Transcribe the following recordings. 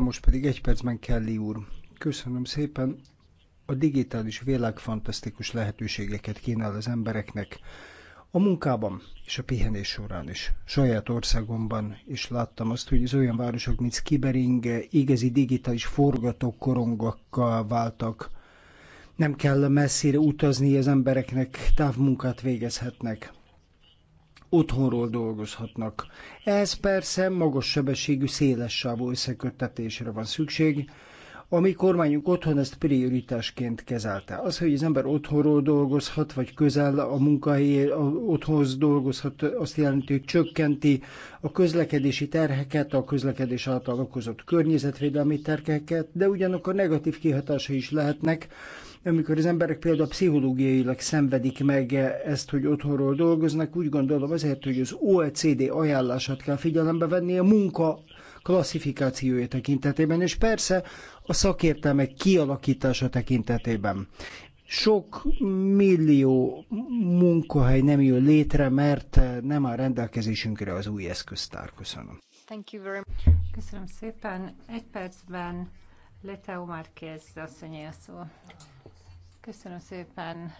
Most pedig egy percben Kelly úr. Köszönöm szépen. A digitális világ fantasztikus lehetőségeket kínál az embereknek. A munkában és a pihenés során is. Saját országomban is láttam azt, hogy az olyan városok, mint Skibering igazi digitális forgatókorongokkal váltak. Nem kell messzire utazni, az embereknek távmunkát végezhetnek otthonról dolgozhatnak. Ez persze magas sebességű széles sávú összeköttetésre van szükség, a mi kormányunk otthon ezt prioritásként kezelte. Az, hogy az ember otthonról dolgozhat, vagy közel a munkahelyé a, otthonhoz dolgozhat, azt jelenti, hogy csökkenti a közlekedési terheket, a közlekedés által okozott környezetvédelmi terheket, de ugyanakkor negatív kihatásai is lehetnek, amikor az emberek például pszichológiailag szenvedik meg ezt, hogy otthonról dolgoznak, úgy gondolom azért, hogy az OECD ajánlását kell figyelembe venni a munka klasszifikációja tekintetében, és persze a szakértelmek kialakítása tekintetében. Sok millió munkahely nem jön létre, mert nem áll rendelkezésünkre az új eszköztár. Köszönöm. Thank you very much. Köszönöm szépen. Egy percben Leteo Márquez asszonyé a szó. Köszönöm szépen.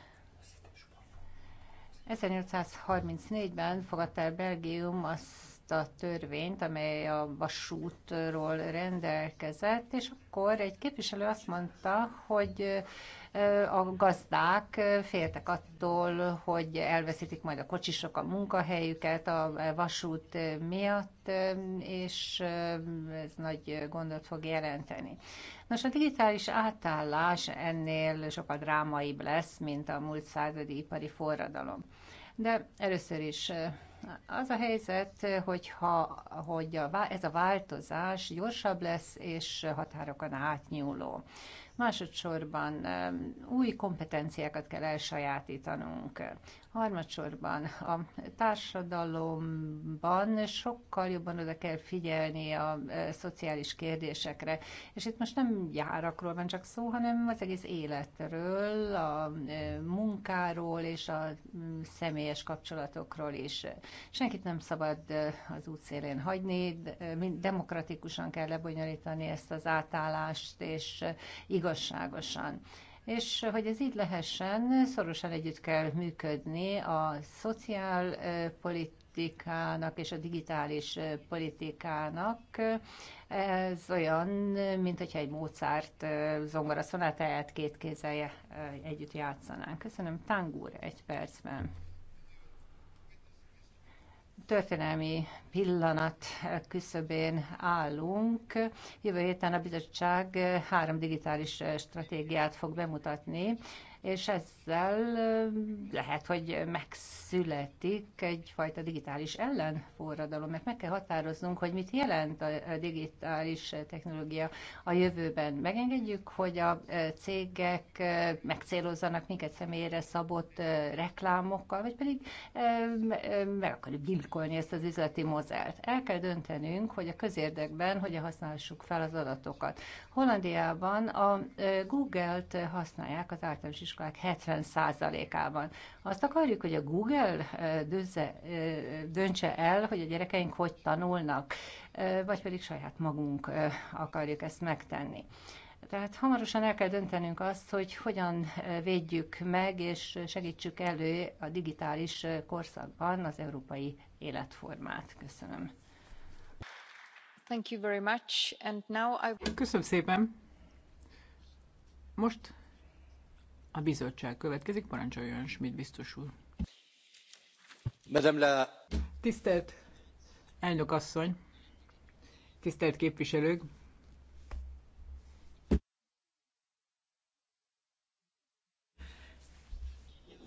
1834-ben fogadta el Belgium azt a törvényt, amely a vasútról rendelkezett, és akkor egy képviselő azt mondta, hogy a gazdák féltek attól, hogy elveszítik majd a kocsisok a munkahelyüket a vasút miatt, és ez nagy gondot fog jelenteni. Nos, a digitális átállás ennél sokkal drámaibb lesz, mint a múlt századi ipari forradalom. De először is az a helyzet, hogyha hogy a, ez a változás gyorsabb lesz és határokon átnyúló. Másodszorban új kompetenciákat kell elsajátítanunk. Harmadsorban a társadalomban sokkal jobban oda kell figyelni a e, szociális kérdésekre. És itt most nem járakról van csak szó, hanem az egész életről, a e, munkáról és a személyes kapcsolatokról is. Senkit nem szabad az útszélén hagyni, demokratikusan kell lebonyolítani ezt az átállást, és igazságosan. És hogy ez így lehessen, szorosan együtt kell működni a szociálpolitikának és a digitális politikának. Ez olyan, mint hogyha egy Mozart zongora szonátáját két kézzel együtt játszanánk. Köszönöm, Tangúr, egy percben történelmi pillanat küszöbén állunk. Jövő héten a bizottság három digitális stratégiát fog bemutatni, és ezzel lehet, hogy megszületik egyfajta digitális ellenforradalom, mert meg kell határoznunk, hogy mit jelent a digitális technológia a jövőben. Megengedjük, hogy a cégek megcélozzanak minket személyre szabott reklámokkal, vagy pedig meg akarjuk gyilkolni ezt az üzleti mozert. El kell döntenünk, hogy a közérdekben hogyan használjuk fel az adatokat. Hollandiában a Google-t használják az általános is iskolák 70%-ában. Azt akarjuk, hogy a Google dönze, döntse el, hogy a gyerekeink hogy tanulnak, vagy pedig saját magunk akarjuk ezt megtenni. Tehát hamarosan el kell döntenünk azt, hogy hogyan védjük meg és segítsük elő a digitális korszakban az európai életformát. Köszönöm. Thank you very much. And now I... Köszönöm szépen. Most a bizottság következik, parancsoljon Schmidt biztos úr. Madame la... Tisztelt elnök asszony, tisztelt képviselők,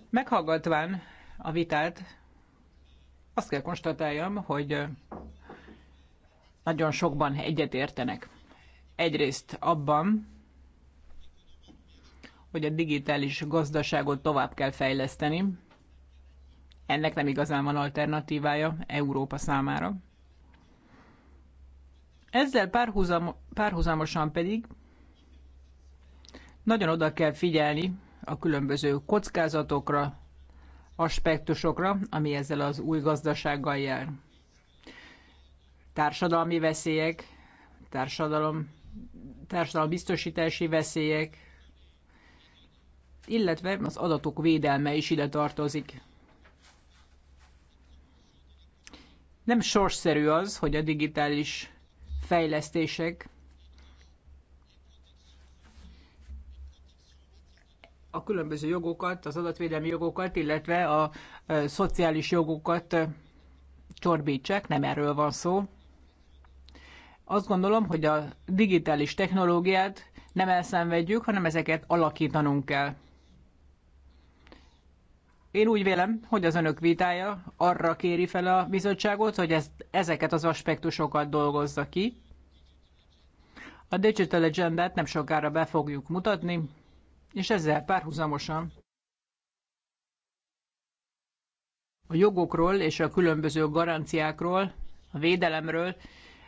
Meghallgatván a vitát, azt kell konstatáljam, hogy nagyon sokban egyetértenek. Egyrészt abban, hogy a digitális gazdaságot tovább kell fejleszteni. Ennek nem igazán van alternatívája Európa számára. Ezzel párhuzam, párhuzamosan pedig nagyon oda kell figyelni a különböző kockázatokra, aspektusokra, ami ezzel az új gazdasággal jár. Társadalmi veszélyek, társadalom, társadalom biztosítási veszélyek, illetve az adatok védelme is ide tartozik. Nem sorsszerű az, hogy a digitális fejlesztések a különböző jogokat, az adatvédelmi jogokat, illetve a szociális jogokat csorbítsák, nem erről van szó. Azt gondolom, hogy a digitális technológiát nem elszenvedjük, hanem ezeket alakítanunk kell. Én úgy vélem, hogy az önök vitája arra kéri fel a bizottságot, hogy ezt, ezeket az aspektusokat dolgozza ki. A Digital Agendát nem sokára be fogjuk mutatni, és ezzel párhuzamosan a jogokról és a különböző garanciákról, a védelemről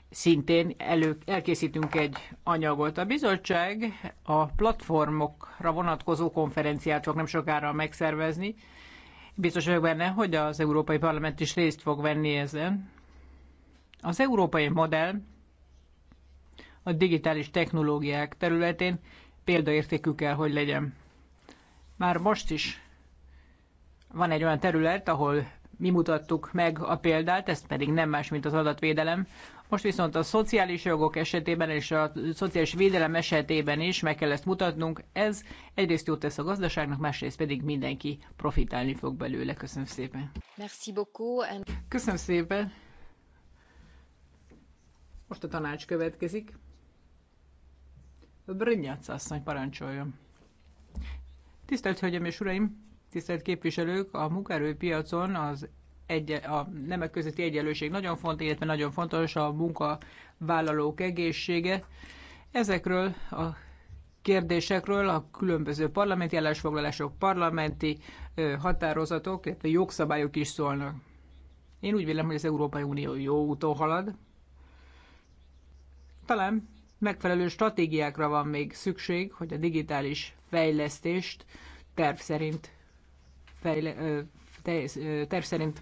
szintén elő, elkészítünk egy anyagot. A bizottság a platformokra vonatkozó konferenciát fog nem sokára megszervezni, Biztos vagyok benne, hogy az Európai Parlament is részt fog venni ezen. Az európai modell a digitális technológiák területén példaértékű kell, hogy legyen. Már most is van egy olyan terület, ahol mi mutattuk meg a példát, ez pedig nem más, mint az adatvédelem. Most viszont a szociális jogok esetében és a szociális védelem esetében is meg kell ezt mutatnunk. Ez egyrészt jót tesz a gazdaságnak, másrészt pedig mindenki profitálni fog belőle. Köszönöm szépen. Merci beaucoup. And... Köszönöm szépen. Most a tanács következik. Brynyac asszony, parancsoljon. Tisztelt Hölgyeim és Uraim, tisztelt képviselők, a munkaerőpiacon az egy, a nemek közötti egyenlőség nagyon fontos, illetve nagyon fontos a munkavállalók egészsége. Ezekről a kérdésekről a különböző parlamenti állásfoglalások, parlamenti határozatok, illetve jogszabályok is szólnak. Én úgy vélem, hogy az Európai Unió jó úton halad. Talán megfelelő stratégiákra van még szükség, hogy a digitális fejlesztést terv szerint, fejle, terv szerint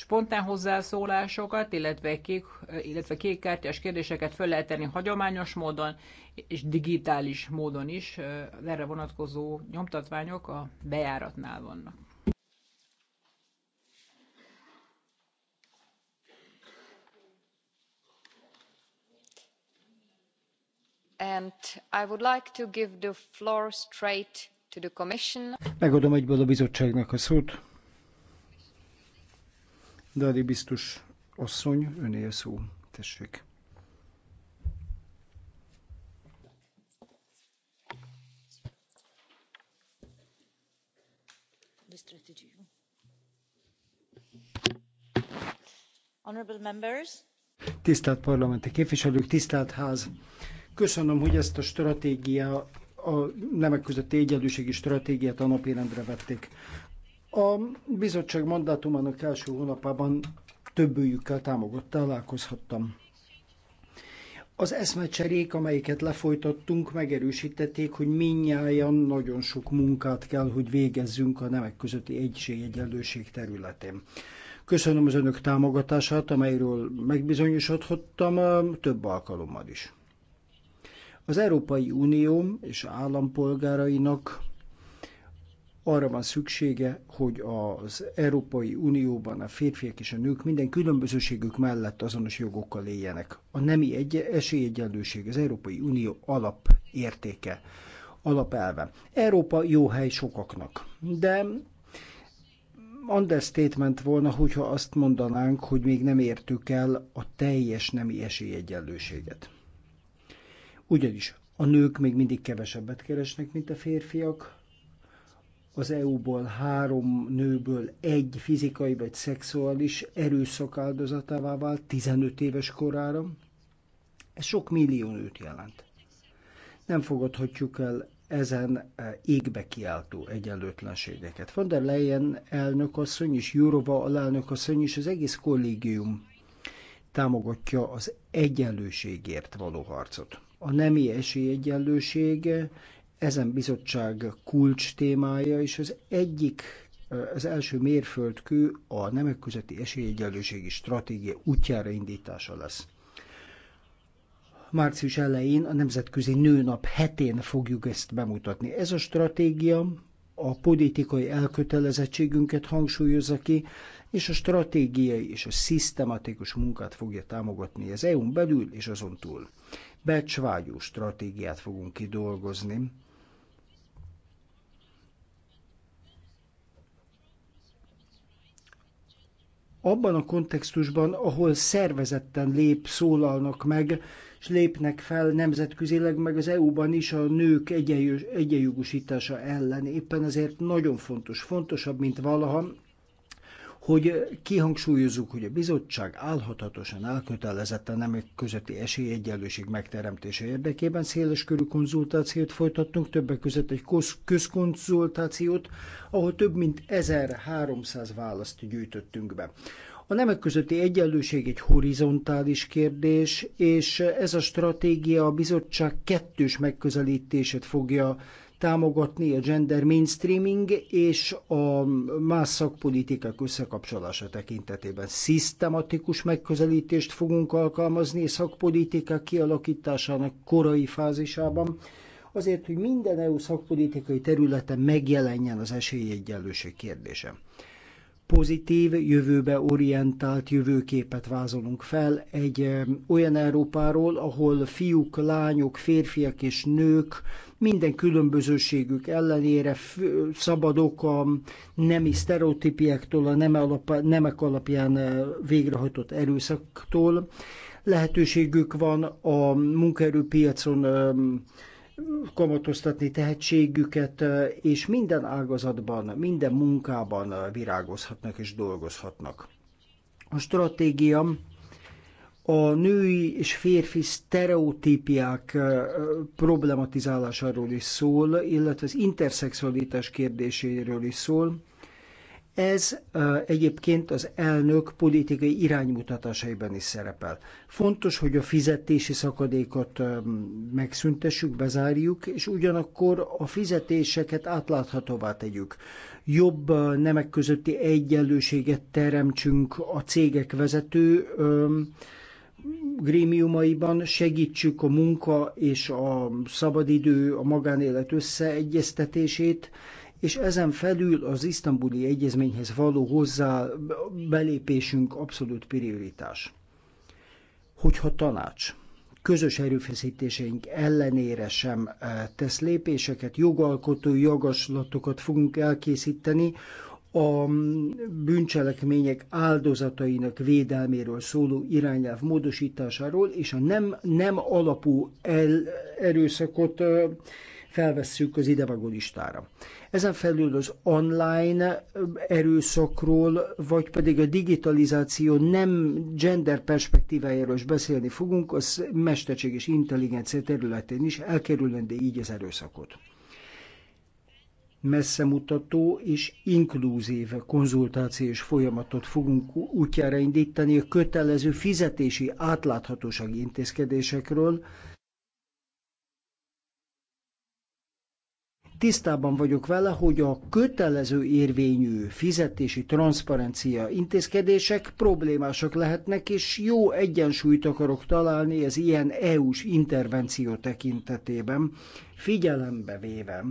spontán hozzászólásokat, illetve, kék, illetve kártyás kérdéseket fel lehet tenni hagyományos módon és digitális módon is. Erre vonatkozó nyomtatványok a bejáratnál vannak. And I would like to give the floor straight to the Commission. Megadom egyből a bizottságnak a szót. Dadi biztos asszony, önél szó. Tessék. Tisztelt parlamenti képviselők, tisztelt ház! Köszönöm, hogy ezt a stratégia, a nemek közötti egyenlőségi stratégiát a napirendre vették. A bizottság mandátumának első hónapában többőjükkel támogott, találkozhattam. Az eszmecserék, amelyeket lefolytattunk, megerősítették, hogy minnyáján nagyon sok munkát kell, hogy végezzünk a nemek közötti egységegyenlőség területén. Köszönöm az önök támogatását, amelyről megbizonyosodhattam több alkalommal is. Az Európai Unió és állampolgárainak arra van szüksége, hogy az Európai Unióban a férfiak és a nők minden különbözőségük mellett azonos jogokkal éljenek. A nemi egy esélyegyenlőség az Európai Unió alapértéke, alapelve. Európa jó hely sokaknak, de understatement volna, hogyha azt mondanánk, hogy még nem értük el a teljes nemi esélyegyenlőséget. Ugyanis a nők még mindig kevesebbet keresnek, mint a férfiak, az EU-ból három nőből egy fizikai vagy szexuális erőszak áldozatává vált 15 éves korára. Ez sok millió nőt jelent. Nem fogadhatjuk el ezen e, égbe kiáltó egyenlőtlenségeket. Von der Leyen elnökasszony és Jurova alelnökasszony és az egész kollégium támogatja az egyenlőségért való harcot. A nemi esélyegyenlőség ezen bizottság kulcs témája, és az egyik, eh, az első mérföldkő a nemek közötti esélyegyenlőségi stratégia útjára indítása lesz. Március elején a Nemzetközi Nőnap hetén fogjuk ezt bemutatni. Ez a stratégia a politikai elkötelezettségünket hangsúlyozza ki, és a stratégiai és a szisztematikus munkát fogja támogatni az EU-n belül és azon túl. Becsvágyó stratégiát fogunk kidolgozni, abban a kontextusban, ahol szervezetten lép, szólalnak meg, és lépnek fel nemzetközileg, meg az EU-ban is a nők egyenjogosítása ellen. Éppen ezért nagyon fontos, fontosabb, mint valaha, hogy kihangsúlyozzuk, hogy a bizottság álhatatosan elkötelezett a nemek közötti esélyegyenlőség megteremtése érdekében széles körű konzultációt folytattunk, többek között egy közkonzultációt, ahol több mint 1300 választ gyűjtöttünk be. A nemek közötti egyenlőség egy horizontális kérdés, és ez a stratégia a bizottság kettős megközelítését fogja támogatni a gender mainstreaming és a más szakpolitikák összekapcsolása tekintetében. Szisztematikus megközelítést fogunk alkalmazni szakpolitikák kialakításának korai fázisában, azért, hogy minden EU szakpolitikai területen megjelenjen az esélyegyenlőség kérdése pozitív, jövőbe orientált jövőképet vázolunk fel egy olyan Európáról, ahol fiúk, lányok, férfiak és nők minden különbözőségük ellenére szabadok a nemi sztereotípiektől, a nem nemek alapján végrehajtott erőszaktól. Lehetőségük van a munkaerőpiacon kamatoztatni tehetségüket, és minden ágazatban, minden munkában virágozhatnak és dolgozhatnak. A stratégia a női és férfi sztereotípiák problematizálásáról is szól, illetve az interszexualitás kérdéséről is szól, ez egyébként az elnök politikai iránymutatásaiban is szerepel. Fontos, hogy a fizetési szakadékot megszüntessük, bezárjuk, és ugyanakkor a fizetéseket átláthatóvá tegyük. Jobb nemek közötti egyenlőséget teremtsünk a cégek vezető grémiumaiban segítsük a munka és a szabadidő, a magánélet összeegyeztetését, és ezen felül az isztambuli egyezményhez való hozzá belépésünk abszolút prioritás. Hogyha tanács közös erőfeszítéseink ellenére sem eh, tesz lépéseket, jogalkotó jogaslatokat fogunk elkészíteni, a bűncselekmények áldozatainak védelméről szóló irányelv módosításáról és a nem, nem alapú el, erőszakot eh, felvesszük az idevágó listára. Ezen felül az online erőszakról, vagy pedig a digitalizáció nem gender perspektívájáról is beszélni fogunk, az mesterség és intelligencia területén is elkerülendő így az erőszakot messzemutató és inkluzív konzultációs folyamatot fogunk útjára indítani a kötelező fizetési átláthatósági intézkedésekről, Tisztában vagyok vele, hogy a kötelező érvényű fizetési transzparencia intézkedések problémásak lehetnek, és jó egyensúlyt akarok találni az ilyen EU-s intervenció tekintetében, figyelembe véve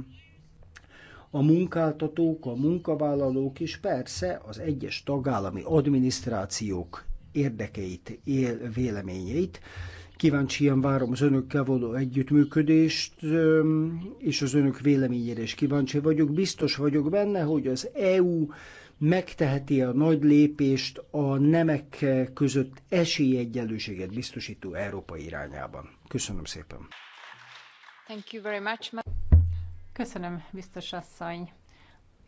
a munkáltatók, a munkavállalók és persze az egyes tagállami adminisztrációk érdekeit, él, véleményeit, Kíváncsian várom az önökkel való együttműködést, és az önök véleményére is kíváncsi vagyok. Biztos vagyok benne, hogy az EU megteheti a nagy lépést a nemek között esélyegyenlőséget biztosító Európa irányában. Köszönöm szépen. Thank you very much. Köszönöm, biztos asszony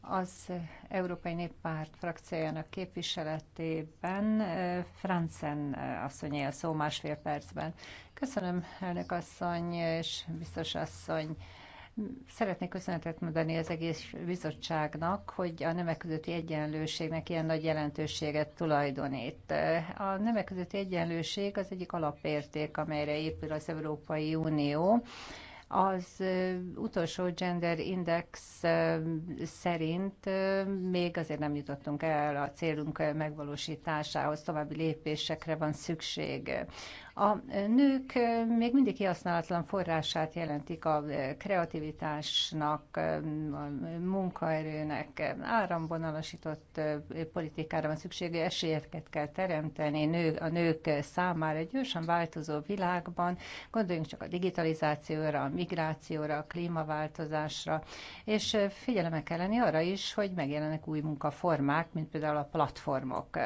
az Európai Néppárt frakciójának képviseletében Franzen asszony él szó másfél percben. Köszönöm, elnök asszony és biztos asszony. Szeretnék köszönetet mondani az egész bizottságnak, hogy a nemek közötti egyenlőségnek ilyen nagy jelentőséget tulajdonít. A nemek közötti egyenlőség az egyik alapérték, amelyre épül az Európai Unió az utolsó gender index szerint még azért nem jutottunk el a célunk megvalósításához, további lépésekre van szükség. A nők még mindig kihasználatlan forrását jelentik a kreativitásnak, a munkaerőnek, áramvonalasított politikára van szüksége, esélyeket kell teremteni nő, a nők számára egy gyorsan változó világban. Gondoljunk csak a digitalizációra, a migrációra, a klímaváltozásra, és figyelemmel kell lenni arra is, hogy megjelenek új munkaformák, mint például a platformok.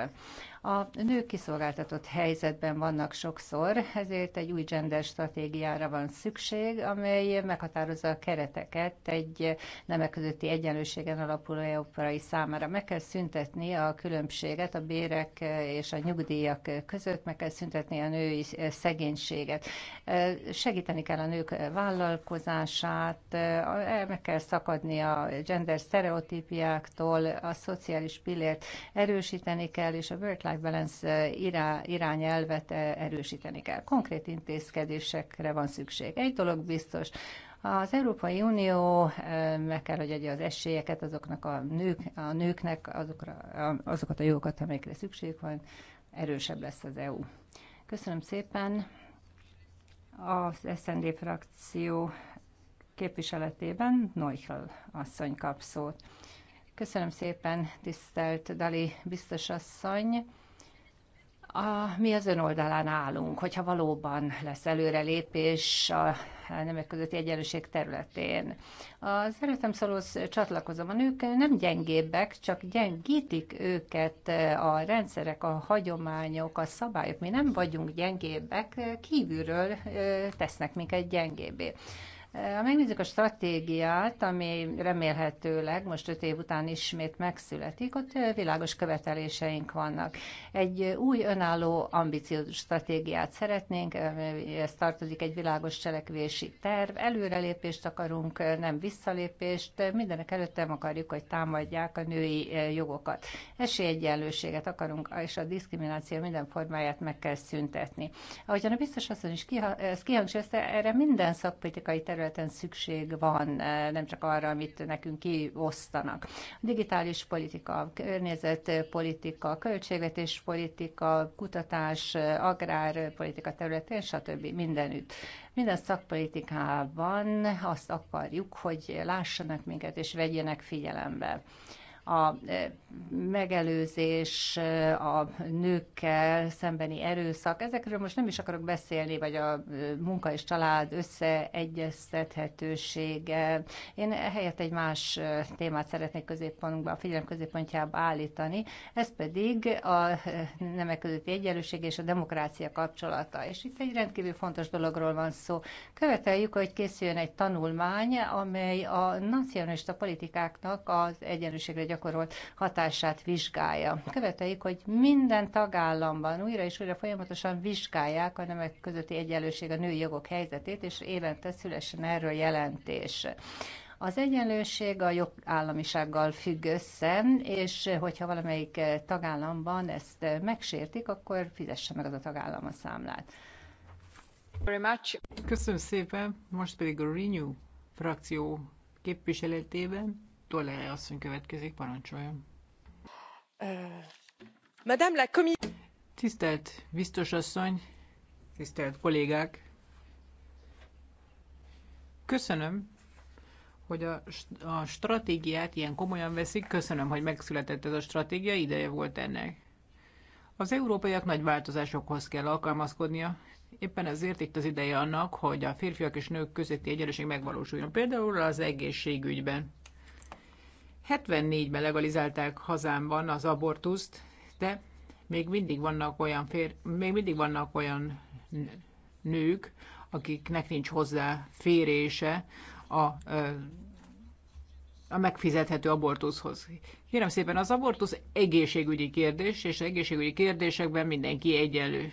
A nők kiszolgáltatott helyzetben vannak sokszor, ezért egy új gender stratégiára van szükség, amely meghatározza a kereteket egy nemek közötti egyenlőségen alapuló európai számára. Meg kell szüntetni a különbséget a bérek és a nyugdíjak között, meg kell szüntetni a női szegénységet. Segíteni kell a nők vállalkozását, meg kell szakadni a gender stereotípiáktól, a szociális pillért erősíteni kell, és a work work-life balance eh, irányelvet eh, erősíteni kell. Konkrét intézkedésekre van szükség. Egy dolog biztos, az Európai Unió eh, meg kell, hogy adja az esélyeket azoknak a, nők, a nőknek, azokra, azokat a jogokat, amelyekre szükség van, erősebb lesz az EU. Köszönöm szépen. Az SND frakció képviseletében Neuchel asszony kap szót. Köszönöm szépen, tisztelt Dali biztos asszony a, mi az ön oldalán állunk, hogyha valóban lesz előrelépés a nemek közötti egyenlőség területén. Az szeretem szólóhoz csatlakozom, a nők nem gyengébbek, csak gyengítik őket a rendszerek, a hagyományok, a szabályok. Mi nem vagyunk gyengébbek, kívülről tesznek minket gyengébbé. Ha megnézzük a stratégiát, ami remélhetőleg most öt év után ismét megszületik, ott világos követeléseink vannak. Egy új önálló ambiciózus stratégiát szeretnénk, ez tartozik egy világos cselekvési terv, előrelépést akarunk, nem visszalépést, mindenek előtt nem akarjuk, hogy támadják a női jogokat. Esélyegyenlőséget akarunk, és a diszkrimináció minden formáját meg kell szüntetni. Ahogyan a biztos asszony is kihangsúlyozta, erre minden szakpolitikai terület területen szükség van, eh, nem csak arra, amit nekünk kiosztanak. A digitális politika, környezetpolitika, költségvetéspolitika, kutatás, agrárpolitika területén, stb. mindenütt. Minden szakpolitikában azt akarjuk, hogy lássanak minket és vegyenek figyelembe a e, megelőzés, e, a nőkkel szembeni erőszak, ezekről most nem is akarok beszélni, vagy a e, munka és család összeegyeztethetősége. Én helyett egy más témát szeretnék középpontba, a figyelem középpontjába állítani, ez pedig a nemek közötti egyenlőség és a demokrácia kapcsolata. És itt egy rendkívül fontos dologról van szó. Követeljük, hogy készüljön egy tanulmány, amely a nacionalista politikáknak az egyenlőségre gyakorolt gyakorolt hatását vizsgálja. Követeljük, hogy minden tagállamban újra és újra folyamatosan vizsgálják a nemek közötti egyenlőség a női jogok helyzetét, és évente szülesen erről jelentés. Az egyenlőség a jogállamisággal függ össze, és hogyha valamelyik tagállamban ezt megsértik, akkor fizesse meg az a tagállam a számlát. Köszönöm szépen, most pedig a Renew frakció képviseletében asszony következik, parancsoljon. Madame la commis... Tisztelt biztos asszony, tisztelt kollégák! Köszönöm, hogy a, a stratégiát ilyen komolyan veszik. Köszönöm, hogy megszületett ez a stratégia, ideje volt ennek. Az európaiak nagy változásokhoz kell alkalmazkodnia, éppen ezért itt az ideje annak, hogy a férfiak és nők közötti egyenlőség megvalósuljon, például az egészségügyben. 74-ben legalizálták hazámban az abortuszt, de még mindig vannak olyan, fér, még mindig vannak olyan nők, akiknek nincs hozzá férése a, a megfizethető abortuszhoz. Kérem szépen, az abortusz egészségügyi kérdés, és egészségügyi kérdésekben mindenki egyenlő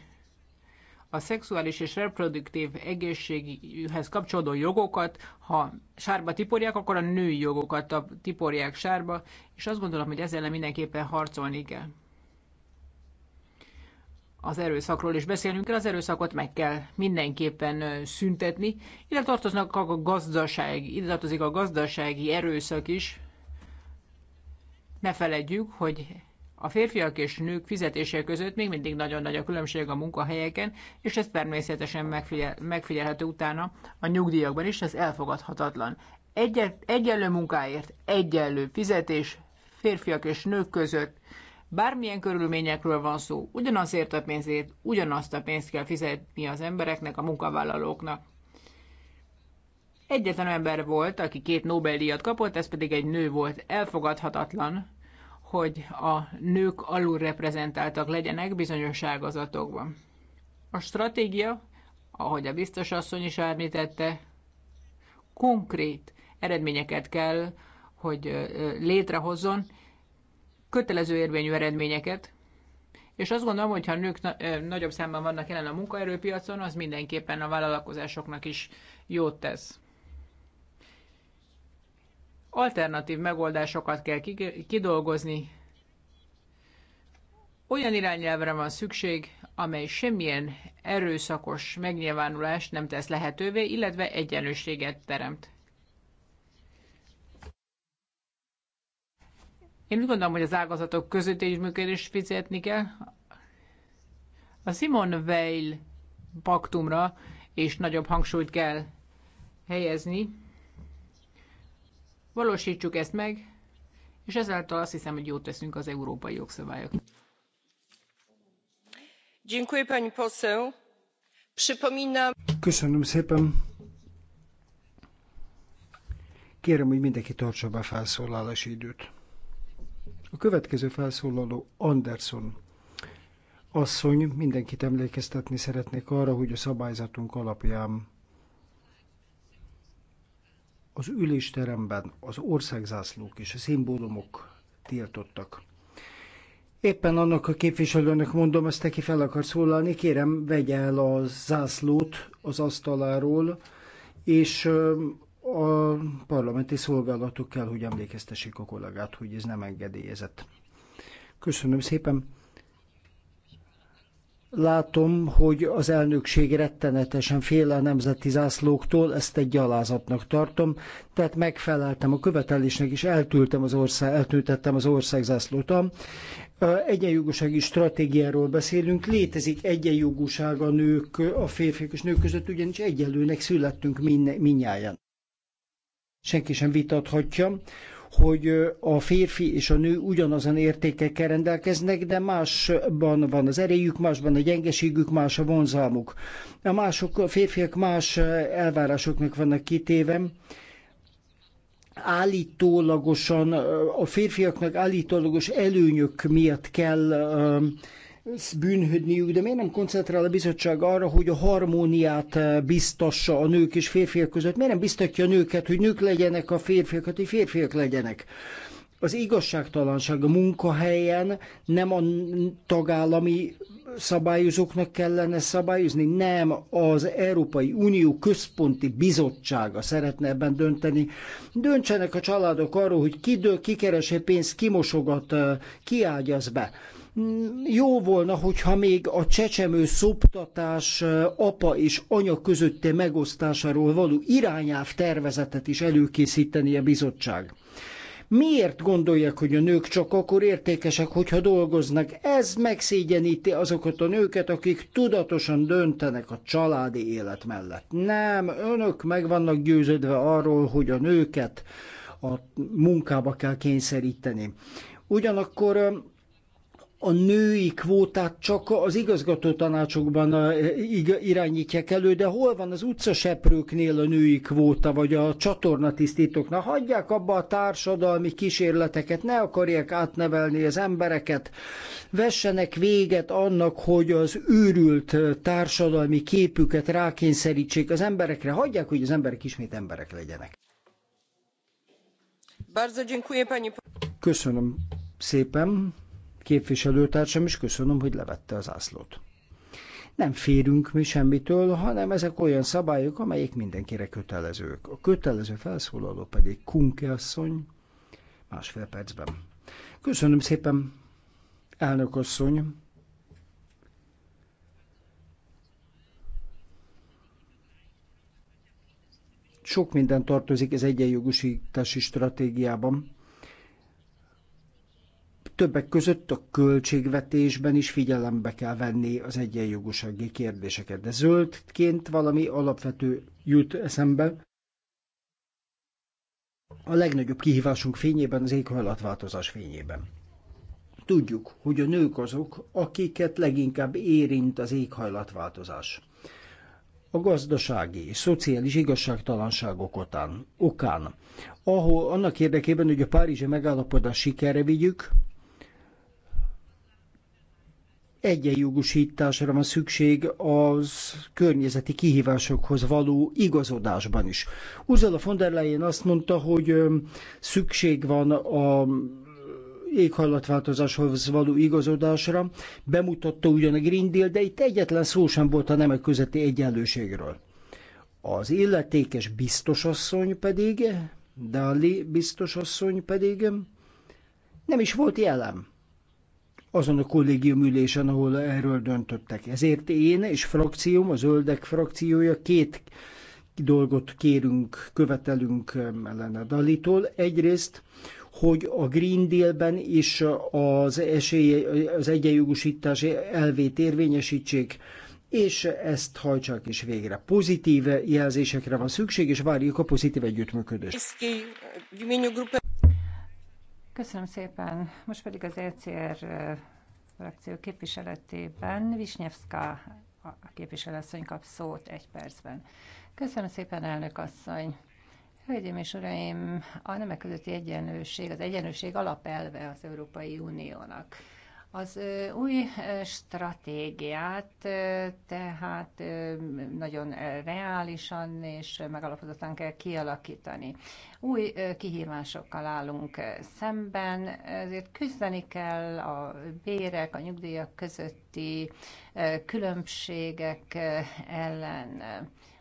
a szexuális és reproduktív egészséghez kapcsolódó jogokat, ha sárba tiporják, akkor a női jogokat a tiporják sárba, és azt gondolom, hogy ezzel mindenképpen harcolni kell. Az erőszakról is beszélünk, kell, az erőszakot meg kell mindenképpen szüntetni. Ide tartoznak a gazdaság, ide tartozik a gazdasági erőszak is. Ne feledjük, hogy a férfiak és nők fizetése között még mindig nagyon nagy a különbség a munkahelyeken, és ez természetesen megfigyel, megfigyelhető utána a nyugdíjakban is, ez elfogadhatatlan. Egyel, egyenlő munkáért egyenlő fizetés férfiak és nők között, bármilyen körülményekről van szó, ugyanazért a pénzért, ugyanazt a pénzt kell fizetni az embereknek, a munkavállalóknak. Egyetlen ember volt, aki két Nobel-díjat kapott, ez pedig egy nő volt. Elfogadhatatlan, hogy a nők alulreprezentáltak legyenek bizonyos ágazatokban. A stratégia, ahogy a biztos asszony is említette, konkrét eredményeket kell, hogy létrehozzon, kötelező érvényű eredményeket, és azt gondolom, hogy ha nők nagyobb számban vannak jelen a munkaerőpiacon, az mindenképpen a vállalkozásoknak is jót tesz. Alternatív megoldásokat kell kidolgozni. Olyan irányelvre van szükség, amely semmilyen erőszakos megnyilvánulást nem tesz lehetővé, illetve egyenlőséget teremt. Én úgy gondolom, hogy az ágazatok között működés fizetni kell. A Simon Weil paktumra és nagyobb hangsúlyt kell helyezni. Valósítsuk ezt meg, és ezáltal azt hiszem, hogy jót teszünk az európai jogszabályoknak. Köszönöm szépen. Kérem, hogy mindenki tartsa be felszólalási időt. A következő felszólaló Anderson asszony, mindenkit emlékeztetni szeretnék arra, hogy a szabályzatunk alapján az ülésteremben az országzászlók és a szimbólumok tiltottak. Éppen annak a képviselőnek mondom, ezt neki fel akar szólalni, kérem, vegye el a zászlót az asztaláról, és a parlamenti szolgálatok kell, hogy emlékeztessék a kollégát, hogy ez nem engedélyezett. Köszönöm szépen! Látom, hogy az elnökség rettenetesen fél a nemzeti zászlóktól, ezt egy gyalázatnak tartom, tehát megfeleltem a követelésnek, és eltültem az ország, eltültettem az ország zászlót. Egyenjogúsági stratégiáról beszélünk, létezik egyenjogúság a nők, a férfiak és nők között, ugyanis egyenlőnek születtünk minnyáján. Senki sem vitathatja, hogy a férfi és a nő ugyanazon értékekkel rendelkeznek, de másban van az erejük, másban a gyengeségük, más a vonzalmuk. A mások, a férfiak más elvárásoknak vannak kitéve, állítólagosan, a férfiaknak állítólagos előnyök miatt kell bűnhődniük, de miért nem koncentrál a bizottság arra, hogy a harmóniát eh, biztassa a nők és férfiak között? Miért nem biztatja a nőket, hogy nők legyenek a férfiakat, hogy férfiak legyenek? Az igazságtalanság a munkahelyen nem a tagállami szabályozóknak kellene szabályozni, nem az Európai Unió központi bizottsága szeretne ebben dönteni. Döntsenek a családok arról, hogy ki dö, ki keresi pénzt, ki mosogat, eh, ki ágyaz be jó volna, hogyha még a csecsemő szoptatás apa és anya közötti megosztásáról való irányáv tervezetet is előkészíteni a bizottság. Miért gondolják, hogy a nők csak akkor értékesek, hogyha dolgoznak? Ez megszégyeníti azokat a nőket, akik tudatosan döntenek a családi élet mellett. Nem, önök meg vannak győződve arról, hogy a nőket a munkába kell kényszeríteni. Ugyanakkor a női kvótát csak az igazgató tanácsokban eh, irányítják elő, de hol van az utcaseprőknél a női kvóta, vagy a csatornatisztítóknál? Hagyják abba a társadalmi kísérleteket, ne akarják átnevelni az embereket, vessenek véget annak, hogy az őrült eh, társadalmi képüket rákényszerítsék az emberekre, hagyják, hogy az emberek ismét emberek legyenek. Köszönöm szépen képviselőtársam, is köszönöm, hogy levette az ászlót. Nem férünk mi semmitől, hanem ezek olyan szabályok, amelyek mindenkire kötelezők. A kötelező felszólaló pedig Kunke asszony, másfél percben. Köszönöm szépen, elnök asszony. Sok minden tartozik az egyenjogosítási stratégiában, Többek között a költségvetésben is figyelembe kell venni az egyenjogúsági kérdéseket. De zöldként valami alapvető jut eszembe. A legnagyobb kihívásunk fényében az éghajlatváltozás fényében. Tudjuk, hogy a nők azok, akiket leginkább érint az éghajlatváltozás a gazdasági és szociális igazságtalanságok után, okán, ahol annak érdekében, hogy a párizsi megállapodás sikere vigyük, egyenjogosításra van szükség az környezeti kihívásokhoz való igazodásban is. Ursula von der Leyen azt mondta, hogy szükség van a éghajlatváltozáshoz való igazodásra, bemutatta ugyan a Green Deal, de itt egyetlen szó sem volt a nemek közötti egyenlőségről. Az illetékes biztosasszony pedig, Dali biztosasszony pedig nem is volt jelen azon a kollégium ülésen, ahol erről döntöttek. Ezért én és frakcióm, a zöldek frakciója két dolgot kérünk, követelünk Melena um, Dalitól. Egyrészt, hogy a Green Deal-ben is az, esély, az egyenjogosítás elvét érvényesítsék, és ezt hajtsák is végre. Pozitív jelzésekre van szükség, és várjuk a pozitív együttműködést. Köszönöm szépen. Most pedig az ECR frakció képviseletében Visnyevska a képviselőasszony kap szót egy percben. Köszönöm szépen, elnök asszony. Hölgyeim és uraim, a nemek közötti egyenlőség, az egyenlőség alapelve az Európai Uniónak. Az új stratégiát tehát nagyon reálisan és megalapozottan kell kialakítani. Új kihívásokkal állunk szemben, ezért küzdeni kell a bérek, a nyugdíjak közötti különbségek ellen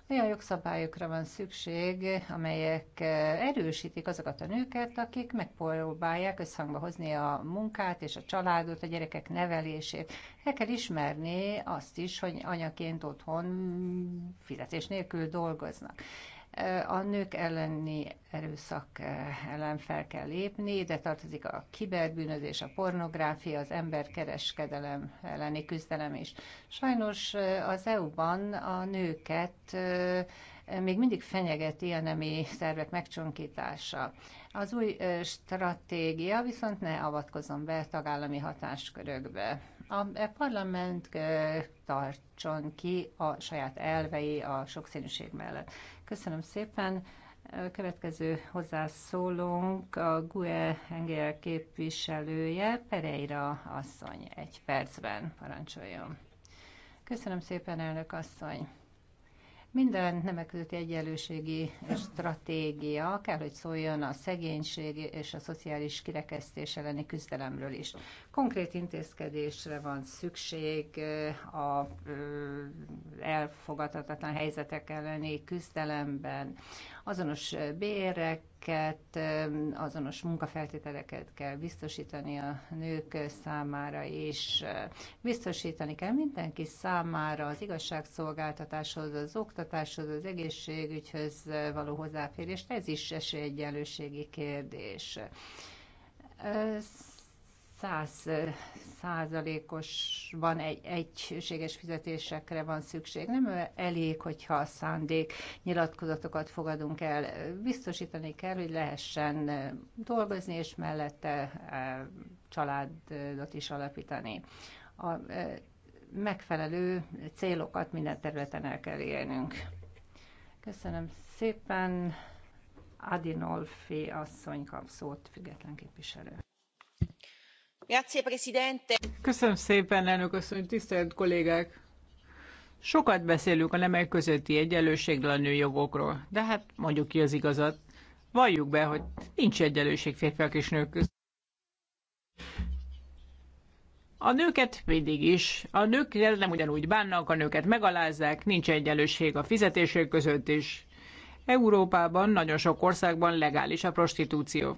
olyan jogszabályokra van szükség, amelyek eh, erősítik azokat a nőket, akik megpróbálják összhangba hozni a munkát és a családot, a gyerekek nevelését. El kell ismerni azt is, hogy anyaként otthon fizetés nélkül dolgoznak. A nők elleni erőszak ellen fel kell lépni, de tartozik a kiberbűnözés, a pornográfia, az emberkereskedelem elleni küzdelem is. Sajnos az EU-ban a nőket még mindig fenyegeti a nemi szervek megcsonkítása. Az új stratégia viszont ne avatkozom be tagállami hatáskörökbe a e parlament e, tartson ki a saját elvei a sokszínűség mellett. Köszönöm szépen. E, következő hozzászólónk a GUE Engel képviselője, Pereira asszony. Egy percben parancsoljon. Köszönöm szépen, elnök asszony. Minden nemek közötti egyenlőségi stratégia kell, hogy szóljon a szegénység és a szociális kirekesztés elleni küzdelemről is. Konkrét intézkedésre van szükség a elfogadhatatlan helyzetek elleni küzdelemben, Azonos béreket, azonos munkafeltételeket kell biztosítani a nők számára, és biztosítani kell mindenki számára az igazságszolgáltatáshoz, az oktatáshoz, az egészségügyhöz való hozzáférést. Ez is esélyegyenlőségi kérdés száz van egy egységes fizetésekre van szükség. Nem elég, hogyha a szándék nyilatkozatokat fogadunk el. Biztosítani kell, hogy lehessen dolgozni, és mellette családot is alapítani. A megfelelő célokat minden területen el kell érnünk. Köszönöm szépen. Adinolfi asszony kap szót, független képviselő. Köszönöm szépen, elnök asszony, tisztelt kollégák! Sokat beszélünk a nemek közötti egyenlőségről, a nőjogokról, de hát mondjuk ki az igazat. Valljuk be, hogy nincs egyenlőség férfiak és nők között. A nőket mindig is. A nők nem ugyanúgy bánnak, a nőket megalázzák, nincs egyenlőség a fizetések között is. Európában, nagyon sok országban legális a prostitúció.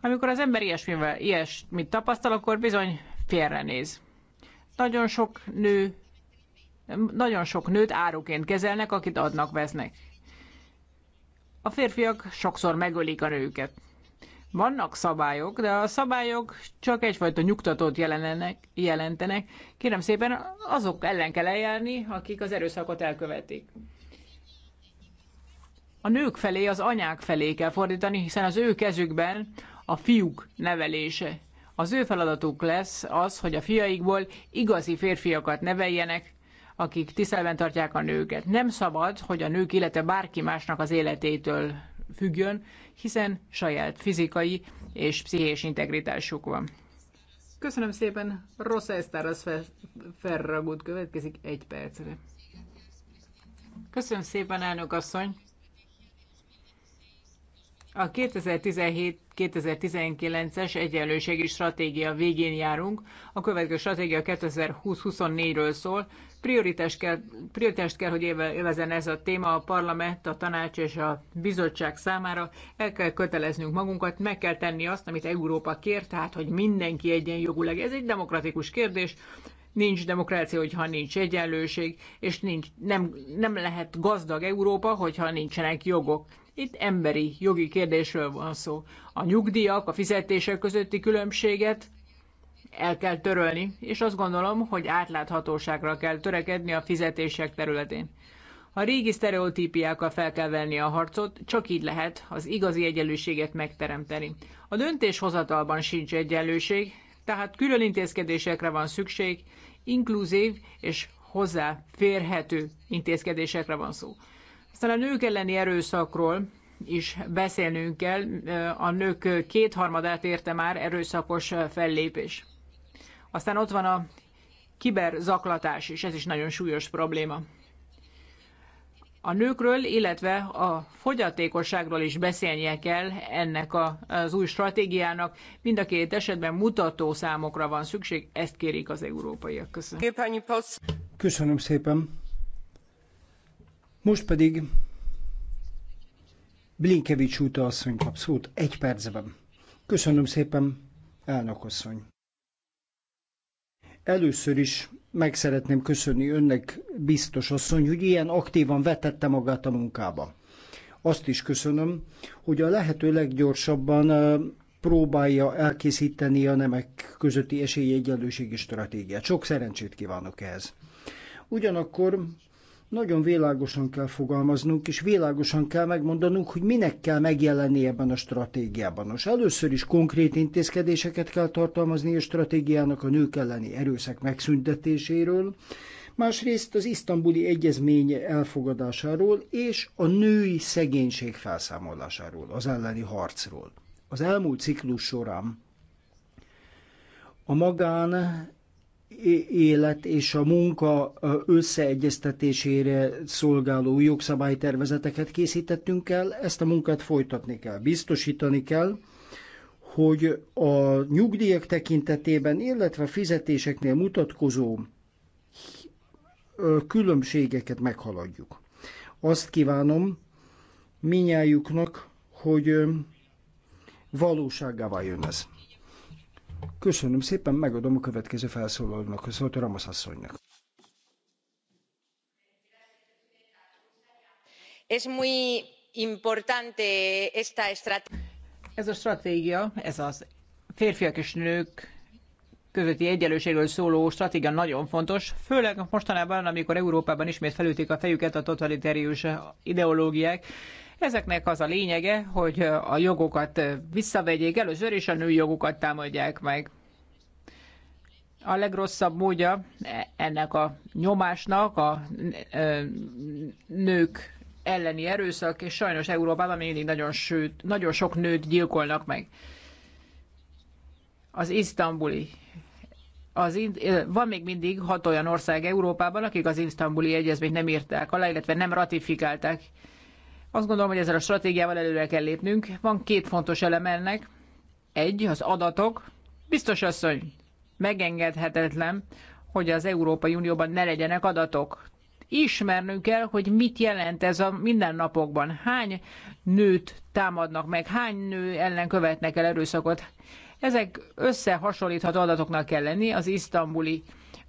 Amikor az ember ilyesmivel, ilyesmit tapasztal, akkor bizony félrenéz. Nagyon sok nő, nagyon sok nőt áruként kezelnek, akit adnak, veznek. A férfiak sokszor megölik a nőket. Vannak szabályok, de a szabályok csak egyfajta nyugtatót jelenenek, jelentenek. Kérem szépen, azok ellen kell eljárni, akik az erőszakot elkövetik. A nők felé, az anyák felé kell fordítani, hiszen az ő kezükben a fiúk nevelése. Az ő feladatuk lesz az, hogy a fiaikból igazi férfiakat neveljenek, akik tisztelben tartják a nőket. Nem szabad, hogy a nők élete bárki másnak az életétől függjön, hiszen saját fizikai és pszichés integritásuk van. Köszönöm szépen, Rosa Esztáraz Ferragut következik egy percre. Köszönöm szépen, elnök asszony! A 2017-2019-es egyenlőségi stratégia végén járunk. A következő stratégia 2020-24-ről szól. Prioritást kell, prioritást kell, hogy élvezen ez a téma a parlament, a tanács és a bizottság számára. El kell köteleznünk magunkat, meg kell tenni azt, amit Európa kér, tehát, hogy mindenki egyenjogú legyen. Ez egy demokratikus kérdés nincs demokrácia, hogyha nincs egyenlőség, és nincs, nem, nem lehet gazdag Európa, hogyha nincsenek jogok. Itt emberi jogi kérdésről van szó. A nyugdíjak, a fizetések közötti különbséget el kell törölni, és azt gondolom, hogy átláthatóságra kell törekedni a fizetések területén. A régi sztereotípiákkal fel kell venni a harcot, csak így lehet az igazi egyenlőséget megteremteni. A döntéshozatalban sincs egyenlőség, tehát külön intézkedésekre van szükség, inkluzív és hozzáférhető intézkedésekre van szó. Aztán a nők elleni erőszakról is beszélnünk kell. A nők kétharmadát érte már erőszakos fellépés. Aztán ott van a kiberzaklatás is, ez is nagyon súlyos probléma. A nőkről, illetve a fogyatékosságról is beszélnie kell ennek a, az új stratégiának. Mind a két esetben mutató számokra van szükség, ezt kérik az európaiak. Köszönöm. Köszönöm szépen. Most pedig Blinkevics úta asszony kap szót egy percben. Köszönöm szépen, elnök asszony. Először is meg szeretném köszönni önnek, biztos asszony, hogy ilyen aktívan vetette magát a munkába. Azt is köszönöm, hogy a lehető leggyorsabban próbálja elkészíteni a nemek közötti esélyegyenlőségi stratégiát. Sok szerencsét kívánok ehhez. Ugyanakkor nagyon világosan kell fogalmaznunk, és világosan kell megmondanunk, hogy minek kell megjelenni ebben a stratégiában. Most először is konkrét intézkedéseket kell tartalmazni a stratégiának a nők elleni erőszak megszüntetéséről, másrészt az isztambuli egyezmény elfogadásáról és a női szegénység felszámolásáról, az elleni harcról. Az elmúlt ciklus során a magán élet és a munka összeegyeztetésére szolgáló jogszabálytervezeteket készítettünk el, ezt a munkát folytatni kell, biztosítani kell, hogy a nyugdíjak tekintetében, illetve a fizetéseknél mutatkozó különbségeket meghaladjuk. Azt kívánom minnyájuknak, hogy valóságá váljon ez. Köszönöm szépen, megadom a következő felszólalónak a szót, Ramos asszonynak. Es muy importante esta estrategia. Ez a stratégia, ez az férfiak és nők közötti egyenlőségről szóló stratégia nagyon fontos, főleg mostanában, amikor Európában ismét felülték a fejüket a totalitárius ideológiák, Ezeknek az a lényege, hogy a jogokat visszavegyék, először és a női jogokat támadják meg. A legrosszabb módja ennek a nyomásnak a nők elleni erőszak, és sajnos Európában mindig nagyon, sőt, nagyon sok nőt gyilkolnak meg. Az isztambuli az, van még mindig hat olyan ország Európában, akik az isztambuli egyezményt nem írták alá, illetve nem ratifikálták. Azt gondolom, hogy ezzel a stratégiával előre kell lépnünk. Van két fontos elem ennek. Egy, az adatok. Biztos asszony, megengedhetetlen, hogy az Európai Unióban ne legyenek adatok. Ismernünk kell, hogy mit jelent ez a mindennapokban. Hány nőt támadnak meg, hány nő ellen követnek el erőszakot. Ezek összehasonlítható adatoknak kell lenni az isztambuli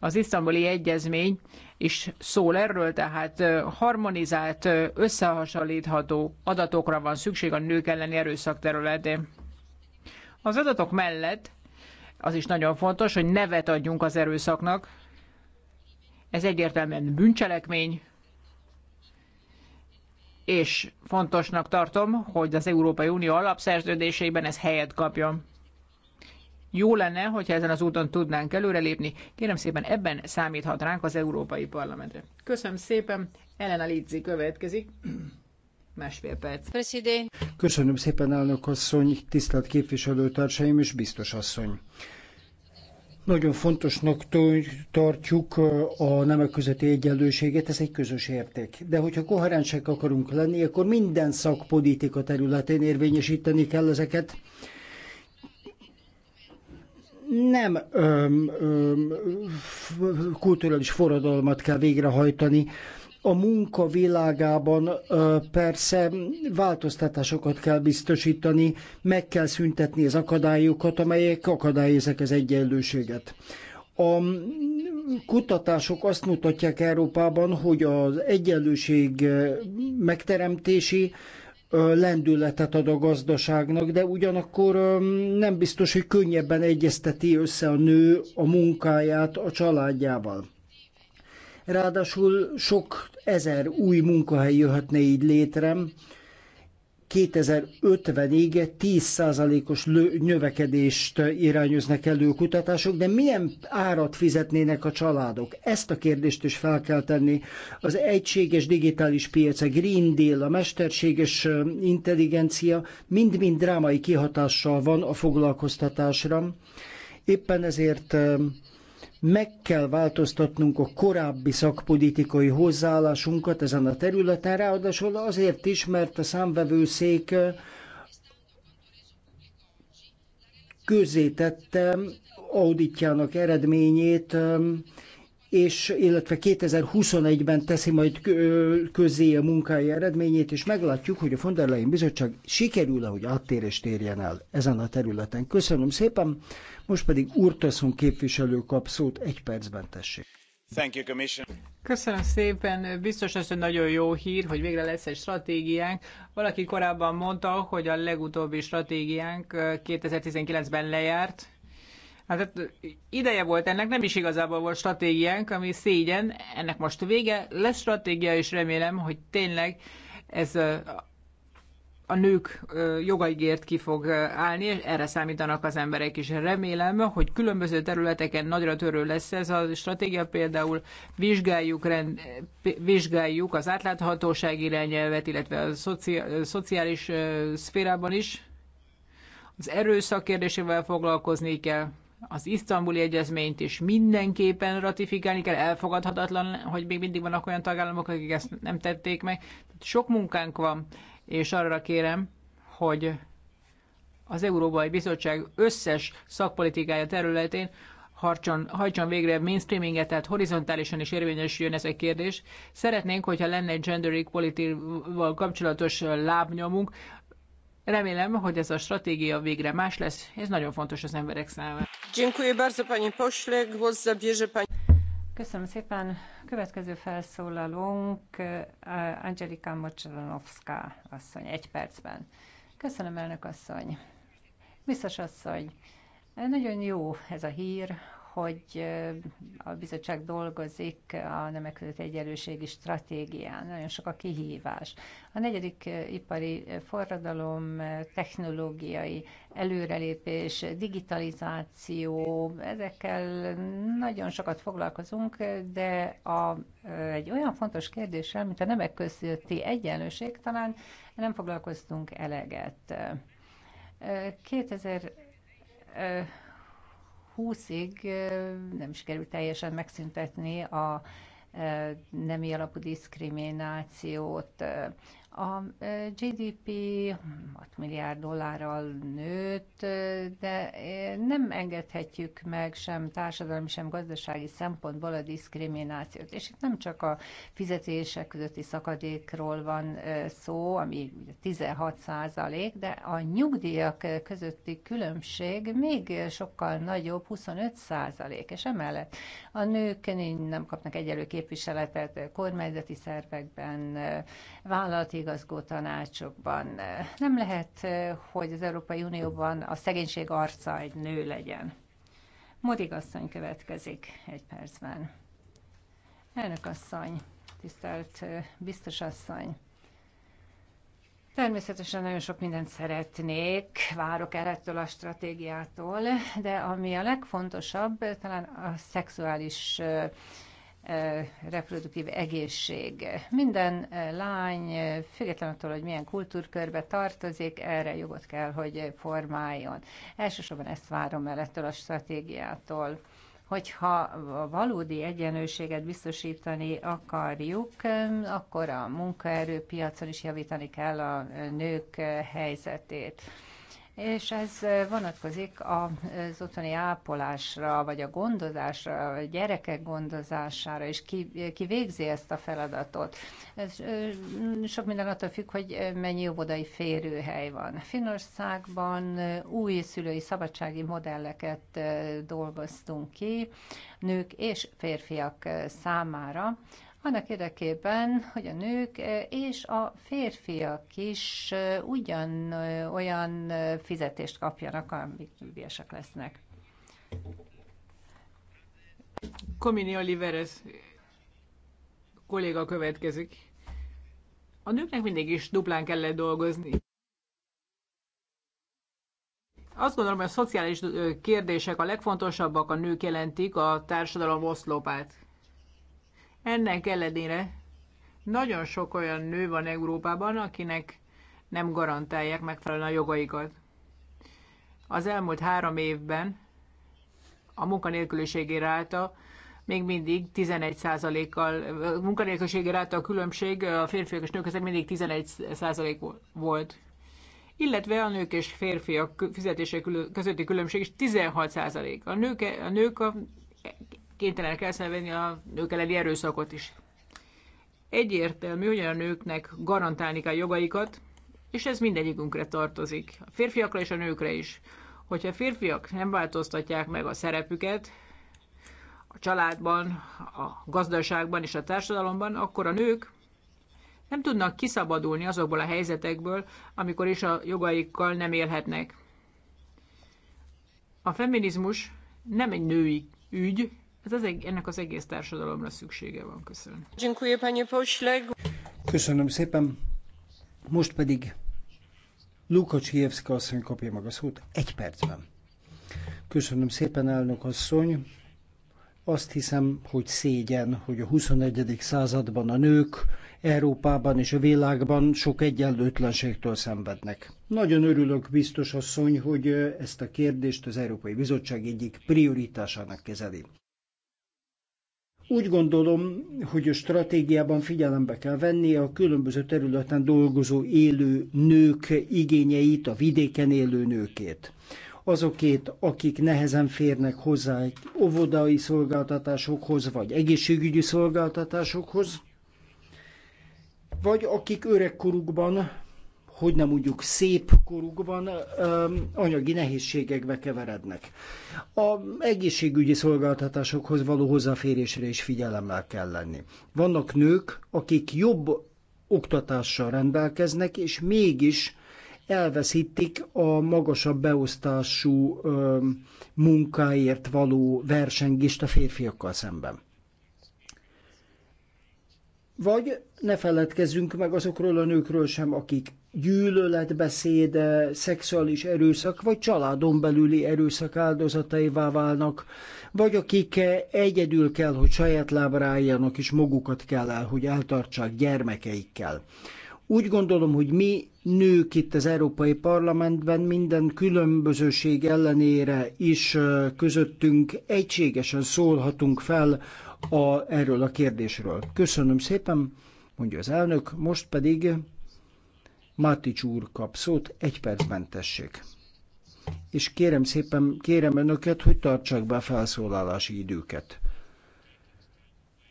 az isztambuli egyezmény is szól erről, tehát harmonizált, összehasonlítható adatokra van szükség a nők elleni erőszak területén. Az adatok mellett az is nagyon fontos, hogy nevet adjunk az erőszaknak. Ez egyértelműen bűncselekmény, és fontosnak tartom, hogy az Európai Unió alapszerződésében ez helyet kapjon jó lenne, hogyha ezen az úton tudnánk előrelépni. Kérem szépen, ebben számíthat ránk az Európai Parlamentre. Köszönöm szépen, Elena Lidzi következik. Másfél perc. President. Köszönöm szépen, elnök asszony, tisztelt képviselőtársaim és biztos asszony. Nagyon fontosnak tartjuk a nemek közötti egyenlőséget, ez egy közös érték. De hogyha koherensek akarunk lenni, akkor minden szakpolitika területén érvényesíteni kell ezeket nem öm, öm, kulturális forradalmat kell végrehajtani. A munka világában ö, persze változtatásokat kell biztosítani, meg kell szüntetni az akadályokat, amelyek akadályozzák az egyenlőséget. A kutatások azt mutatják Európában, hogy az egyenlőség megteremtési lendületet ad a gazdaságnak, de ugyanakkor nem biztos, hogy könnyebben egyezteti össze a nő a munkáját a családjával. Ráadásul sok ezer új munkahely jöhetne így létre, 2050-ig 10%-os növekedést irányoznak elő a kutatások, de milyen árat fizetnének a családok? Ezt a kérdést is fel kell tenni. Az egységes digitális piac, a Green Deal, a mesterséges intelligencia mind-mind drámai kihatással van a foglalkoztatásra. Éppen ezért meg kell változtatnunk a korábbi szakpolitikai hozzáállásunkat ezen a területen, ráadásul azért is, mert a számvevőszék eh, közzétette auditjának eredményét, eh, és illetve 2021-ben teszi majd közé a munkája eredményét, és meglátjuk, hogy a von der Leyen bizottság sikerül-e, hogy áttérést érjen el ezen a területen. Köszönöm szépen, most pedig Urtaszun képviselő kap szót egy percben tessék. Thank you, Commission. Köszönöm szépen. Biztos ez egy nagyon jó hír, hogy végre lesz egy stratégiánk. Valaki korábban mondta, hogy a legutóbbi stratégiánk 2019-ben eh, lejárt, Hát, hát ideje volt ennek, nem is igazából volt stratégiánk, ami szégyen, ennek most vége. Lesz stratégia, és remélem, hogy tényleg ez a, a nők jogaigért ki fog állni, és erre számítanak az emberek is. Remélem, hogy különböző területeken nagyra törő lesz ez a stratégia, például vizsgáljuk, rend, vizsgáljuk az átláthatóság irányelvet, illetve a szocia, szociális szférában is. Az erőszak kérdésével foglalkozni kell az isztambuli egyezményt is mindenképpen ratifikálni kell, elfogadhatatlan, hogy még mindig vannak olyan tagállamok, akik ezt nem tették meg. Tehát sok munkánk van, és arra kérem, hogy az Európai Bizottság összes szakpolitikája területén harcson, hajtson végre mainstreaminget, tehát horizontálisan is érvényesüljön ez a kérdés. Szeretnénk, hogyha lenne egy gender equality-val kapcsolatos lábnyomunk, Remélem, hogy ez a stratégia végre más lesz, ez nagyon fontos az emberek számára. Köszönöm szépen. Következő felszólalónk eh, Angelika Mocsaranovská asszony, egy percben. Köszönöm, elnök asszony. Biztos asszony, nagyon jó ez a hír, hogy a bizottság dolgozik a nemek között egyenlőségi stratégián. Nagyon sok a kihívás. A negyedik ipari forradalom, technológiai előrelépés, digitalizáció, ezekkel nagyon sokat foglalkozunk, de a, egy olyan fontos kérdéssel, mint a nemek közötti egyenlőség, talán nem foglalkoztunk eleget. 2000 2020-ig nem sikerült teljesen megszüntetni a nemi alapú diszkriminációt. A GDP 6 milliárd dollárral nőtt, de nem engedhetjük meg sem társadalmi, sem gazdasági szempontból a diszkriminációt. És itt nem csak a fizetések közötti szakadékról van szó, ami 16 százalék, de a nyugdíjak közötti különbség még sokkal nagyobb, 25 százalék, és emellett a nők nem kapnak egyelőképpen képviseletet kormányzati szervekben, vállalati igazgó tanácsokban. Nem lehet, hogy az Európai Unióban a szegénység arca egy nő legyen. Modig asszony következik egy percben. Elnök asszony, tisztelt biztos asszony, Természetesen nagyon sok mindent szeretnék, várok el ettől a stratégiától, de ami a legfontosabb, talán a szexuális reproduktív egészség. Minden lány, függetlenül attól, hogy milyen kultúrkörbe tartozik, erre jogot kell, hogy formáljon. Elsősorban ezt várom el ettől a stratégiától hogyha a valódi egyenlőséget biztosítani akarjuk, akkor a munkaerőpiacon is javítani kell a nők helyzetét és ez vonatkozik az otthoni ápolásra, vagy a gondozásra, a gyerekek gondozására, és ki, ki végzi ezt a feladatot. Ez sok minden attól függ, hogy mennyi óvodai férőhely van. Finországban új szülői szabadsági modelleket dolgoztunk ki, nők és férfiak számára, annak érdekében, hogy a nők eh, és a férfiak is eh, ugyan eh, olyan fizetést kapjanak, amik nyugdíjasak lesznek. Komini Oliveres kolléga következik. A nőknek mindig is duplán kellett dolgozni. Azt gondolom, hogy a szociális kérdések a legfontosabbak, a nők jelentik a társadalom oszlopát. Ennek ellenére nagyon sok olyan nő van Európában, akinek nem garantálják megfelelően a jogaikat. Az elmúlt három évben a munkanélküliségi ráta még mindig 11%-kal, a munkanélküliségi ráta a különbség a férfiak és nők között mindig 11% volt. Illetve a nők és férfiak fizetése közötti különbség is 16%. A nők, a nők a kénytelenek elszenvedni a nők elleni erőszakot is. Egyértelmű, hogy a nőknek garantálni kell jogaikat, és ez mindegyikünkre tartozik. A férfiakra és a nőkre is. Hogyha a férfiak nem változtatják meg a szerepüket, a családban, a gazdaságban és a társadalomban, akkor a nők nem tudnak kiszabadulni azokból a helyzetekből, amikor is a jogaikkal nem élhetnek. A feminizmus nem egy női ügy, ez az, ennek az egész társadalomra szüksége van. Köszönöm. Köszönöm szépen. Most pedig Lukács Hievszka asszony kapja meg a szót egy percben. Köszönöm szépen, elnök asszony. Azt hiszem, hogy szégyen, hogy a 21. században a nők Európában és a világban sok egyenlőtlenségtől szenvednek. Nagyon örülök, biztos asszony, hogy ezt a kérdést az Európai Bizottság egyik prioritásának kezeli. Úgy gondolom, hogy a stratégiában figyelembe kell venni a különböző területen dolgozó élő nők igényeit, a vidéken élő nőkét. Azokét, akik nehezen férnek hozzá egy óvodai szolgáltatásokhoz, vagy egészségügyi szolgáltatásokhoz, vagy akik öregkorukban hogy nem mondjuk szép korukban anyagi nehézségekbe keverednek. A egészségügyi szolgáltatásokhoz való hozzáférésre is figyelemmel kell lenni. Vannak nők, akik jobb oktatással rendelkeznek, és mégis elveszítik a magasabb beosztású ö, munkáért való versengést a férfiakkal szemben. Vagy ne feledkezzünk meg azokról a nőkről sem, akik gyűlöletbeszéd, eh, szexuális erőszak, vagy családon belüli erőszak áldozataivá válnak, vagy akik eh, egyedül kell, hogy saját lábra álljanak, és magukat kell el, hogy eltartsák gyermekeikkel. Úgy gondolom, hogy mi nők itt az Európai Parlamentben minden különbözőség ellenére is eh, közöttünk egységesen szólhatunk fel a, erről a kérdésről. Köszönöm szépen, mondja az elnök, most pedig Mátics úr kap szót, egy percben tessék. És kérem szépen, kérem önöket, hogy tartsák be a felszólalási időket.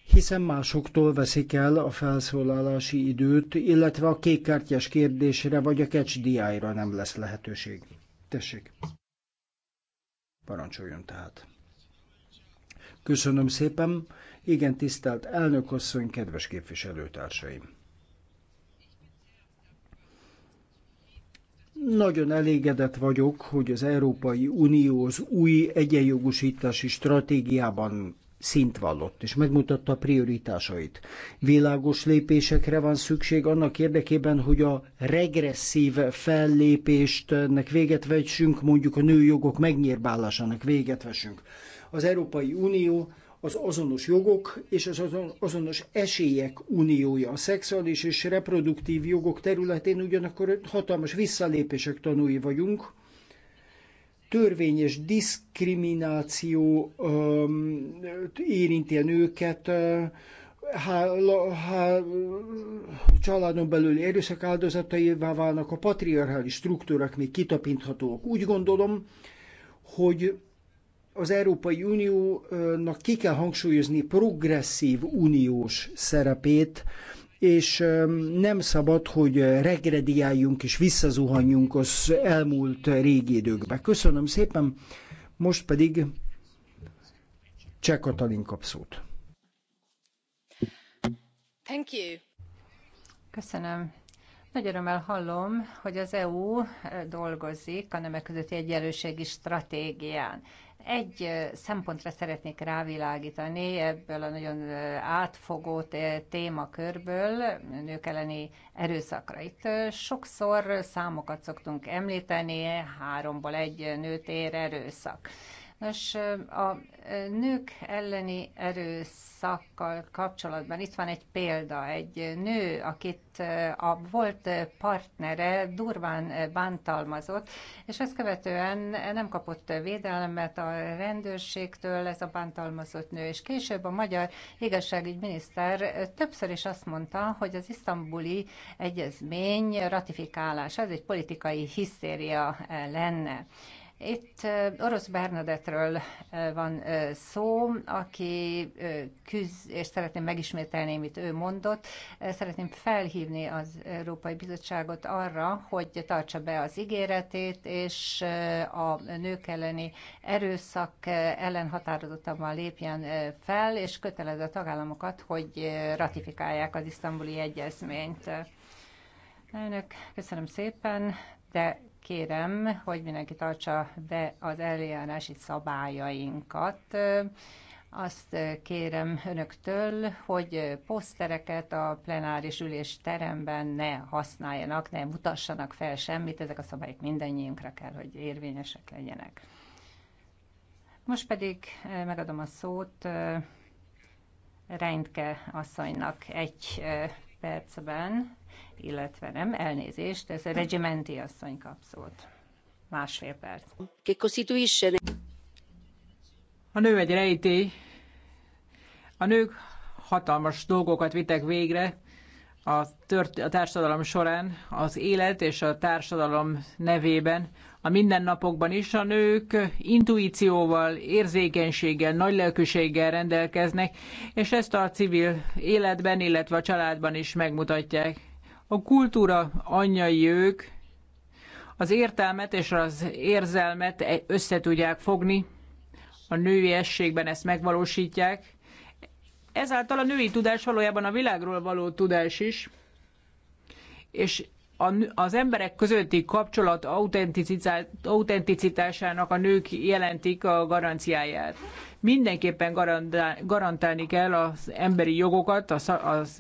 Hiszen másoktól veszik el a felszólalási időt, illetve a kékkártyás kérdésre vagy a catch ra nem lesz lehetőség. Tessék. Parancsoljon tehát. Köszönöm szépen. Igen, tisztelt elnök, asszony, kedves képviselőtársaim! Nagyon elégedett vagyok, hogy az Európai Unió az új egyenjogosítási stratégiában szint vallott, és megmutatta a prioritásait. Világos lépésekre van szükség annak érdekében, hogy a regresszív fellépéstnek véget vessünk, mondjuk a nőjogok megnyírbálásának véget vessünk. Az Európai Unió az azonos jogok és az azonos esélyek uniója. A szexuális és reproduktív jogok területén ugyanakkor hatalmas visszalépések tanúi vagyunk. Törvényes diszkrimináció um, érinti a nőket, uh, há, há, családon belüli erőszak áldozataivá válnak, a patriarchális struktúrák még kitapinthatók. Úgy gondolom, hogy az Európai Uniónak ki kell hangsúlyozni progresszív uniós szerepét, és nem szabad, hogy regrediáljunk és visszazuhanjunk az elmúlt régi időkbe. Köszönöm szépen, most pedig Cseh Katalin kap szót. Thank you. Köszönöm. Nagy örömmel hallom, hogy az EU dolgozik a nemek közötti egyenlőségi stratégián. Egy szempontra szeretnék rávilágítani ebből a nagyon átfogó témakörből, nők elleni erőszakra. Itt sokszor számokat szoktunk említeni, háromból egy nőt ér erőszak. Nos, a nők elleni erőszakkal kapcsolatban itt van egy példa, egy nő, akit a volt partnere durván bántalmazott, és ezt követően nem kapott védelmet a rendőrségtől ez a bántalmazott nő, és később a magyar miniszter többször is azt mondta, hogy az isztambuli egyezmény ratifikálása, ez egy politikai hisztéria lenne. Itt Orosz Bernadettről van szó, aki küzd, és szeretném megismételni, amit ő mondott. Szeretném felhívni az Európai Bizottságot arra, hogy tartsa be az ígéretét, és a nők elleni erőszak ellen határozottabban lépjen fel, és kötelez a tagállamokat, hogy ratifikálják az isztambuli egyezményt. Elnök, köszönöm szépen, de kérem, hogy mindenki tartsa be az eljárási szabályainkat. Azt kérem önöktől, hogy posztereket a plenáris ülés teremben ne használjanak, ne mutassanak fel semmit, ezek a szabályok mindannyiunkra kell, hogy érvényesek legyenek. Most pedig eh, megadom a szót eh, Reintke asszonynak egy eh, percben illetve nem, elnézést, ez a Regimenti asszony kap szót. Másfél perc. A nő egy rejtély. A nők hatalmas dolgokat vitek végre a, tört, a társadalom során, az élet és a társadalom nevében. A mindennapokban is a nők intuícióval, érzékenységgel, nagy lelkűséggel rendelkeznek, és ezt a civil életben, illetve a családban is megmutatják. A kultúra anyjai ők, az értelmet és az érzelmet e- összetudják fogni, a női ezt megvalósítják. Ezáltal a női tudás valójában a világról való tudás is, és az emberek közötti kapcsolat autenticitásának a nők jelentik a garanciáját. Mindenképpen garantálni kell az emberi jogokat, a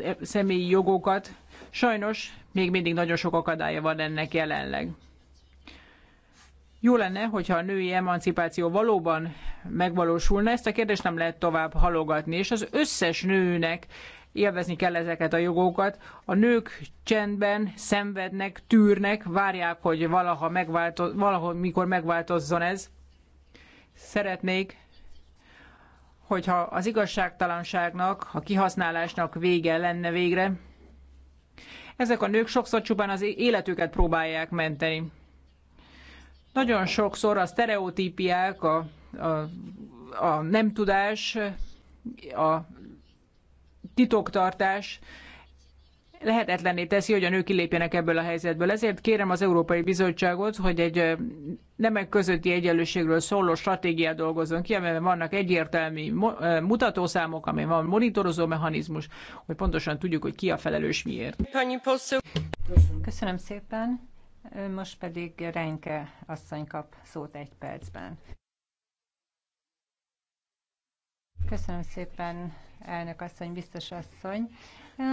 e- személyi jogokat, Sajnos még mindig nagyon sok akadálya van ennek jelenleg. Jó lenne, hogyha a női emancipáció valóban megvalósulna, ezt a kérdést nem lehet tovább halogatni, és az összes nőnek élvezni kell ezeket a jogokat. A nők csendben szenvednek, tűrnek, várják, hogy valaha megváltoz, valahol mikor megváltozzon ez. Szeretnék, hogyha az igazságtalanságnak, a kihasználásnak vége lenne végre, ezek a nők sokszor csupán az életüket próbálják menteni. Nagyon sokszor a sztereotípiák, a, a, a nem tudás, a titoktartás lehetetlenné teszi, hogy a nők kilépjenek ebből a helyzetből. Ezért kérem az Európai Bizottságot, hogy egy nemek közötti egyenlőségről szóló stratégiát dolgozunk ki, amelyben vannak egyértelmű mutatószámok, amely van monitorozó mechanizmus, hogy pontosan tudjuk, hogy ki a felelős miért. Köszönöm szépen. Most pedig Renke asszony kap szót egy percben. Köszönöm szépen, elnök asszony, biztos asszony.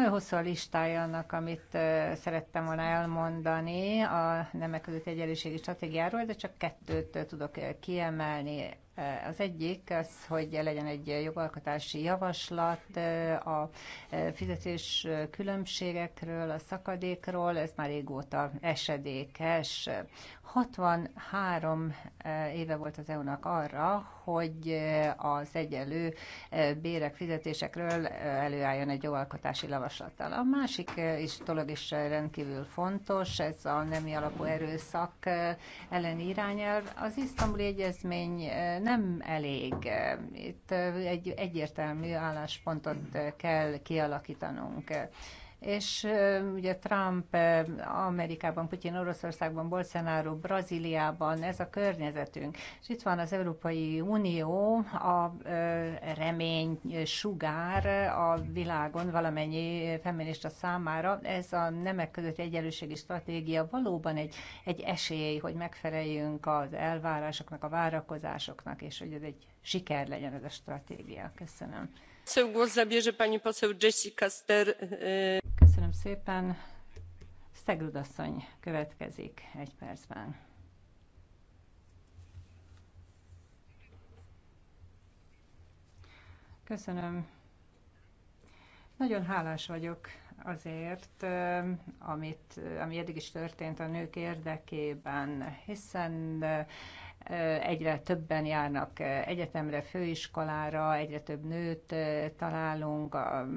Hosszú a listája annak, amit szerettem volna elmondani a nemek között egyenlőségi stratégiáról, de csak kettőt tudok kiemelni. Eh, az egyik az, hogy legyen egy jogalkotási javaslat eh, a eh, fizetés különbségekről, a szakadékról, ez már régóta esedékes. 63 éve volt az EU-nak arra, hogy az egyenlő bérek fizetésekről előálljon egy jogalkotási javaslattal. A másik is dolog is rendkívül fontos, ez a nemi alapú erőszak elleni irányelv. Az isztambuli egyezmény nem elég. Itt egy egyértelmű álláspontot kell kialakítanunk és ugye Trump Amerikában, Putyin Oroszországban, Bolsonaro Brazíliában, ez a környezetünk. És itt van az Európai Unió, a remény sugár a világon valamennyi feminista számára. Ez a nemek közötti egyenlőségi stratégia valóban egy, egy esély, hogy megfeleljünk az elvárásoknak, a várakozásoknak, és hogy ez egy siker legyen ez a stratégia. Köszönöm. Köszönöm szépen. Szeglud asszony következik egy percben. Köszönöm. Nagyon hálás vagyok azért, amit, ami eddig is történt a nők érdekében, hiszen egyre többen járnak egyetemre, főiskolára, egyre több nőt találunk a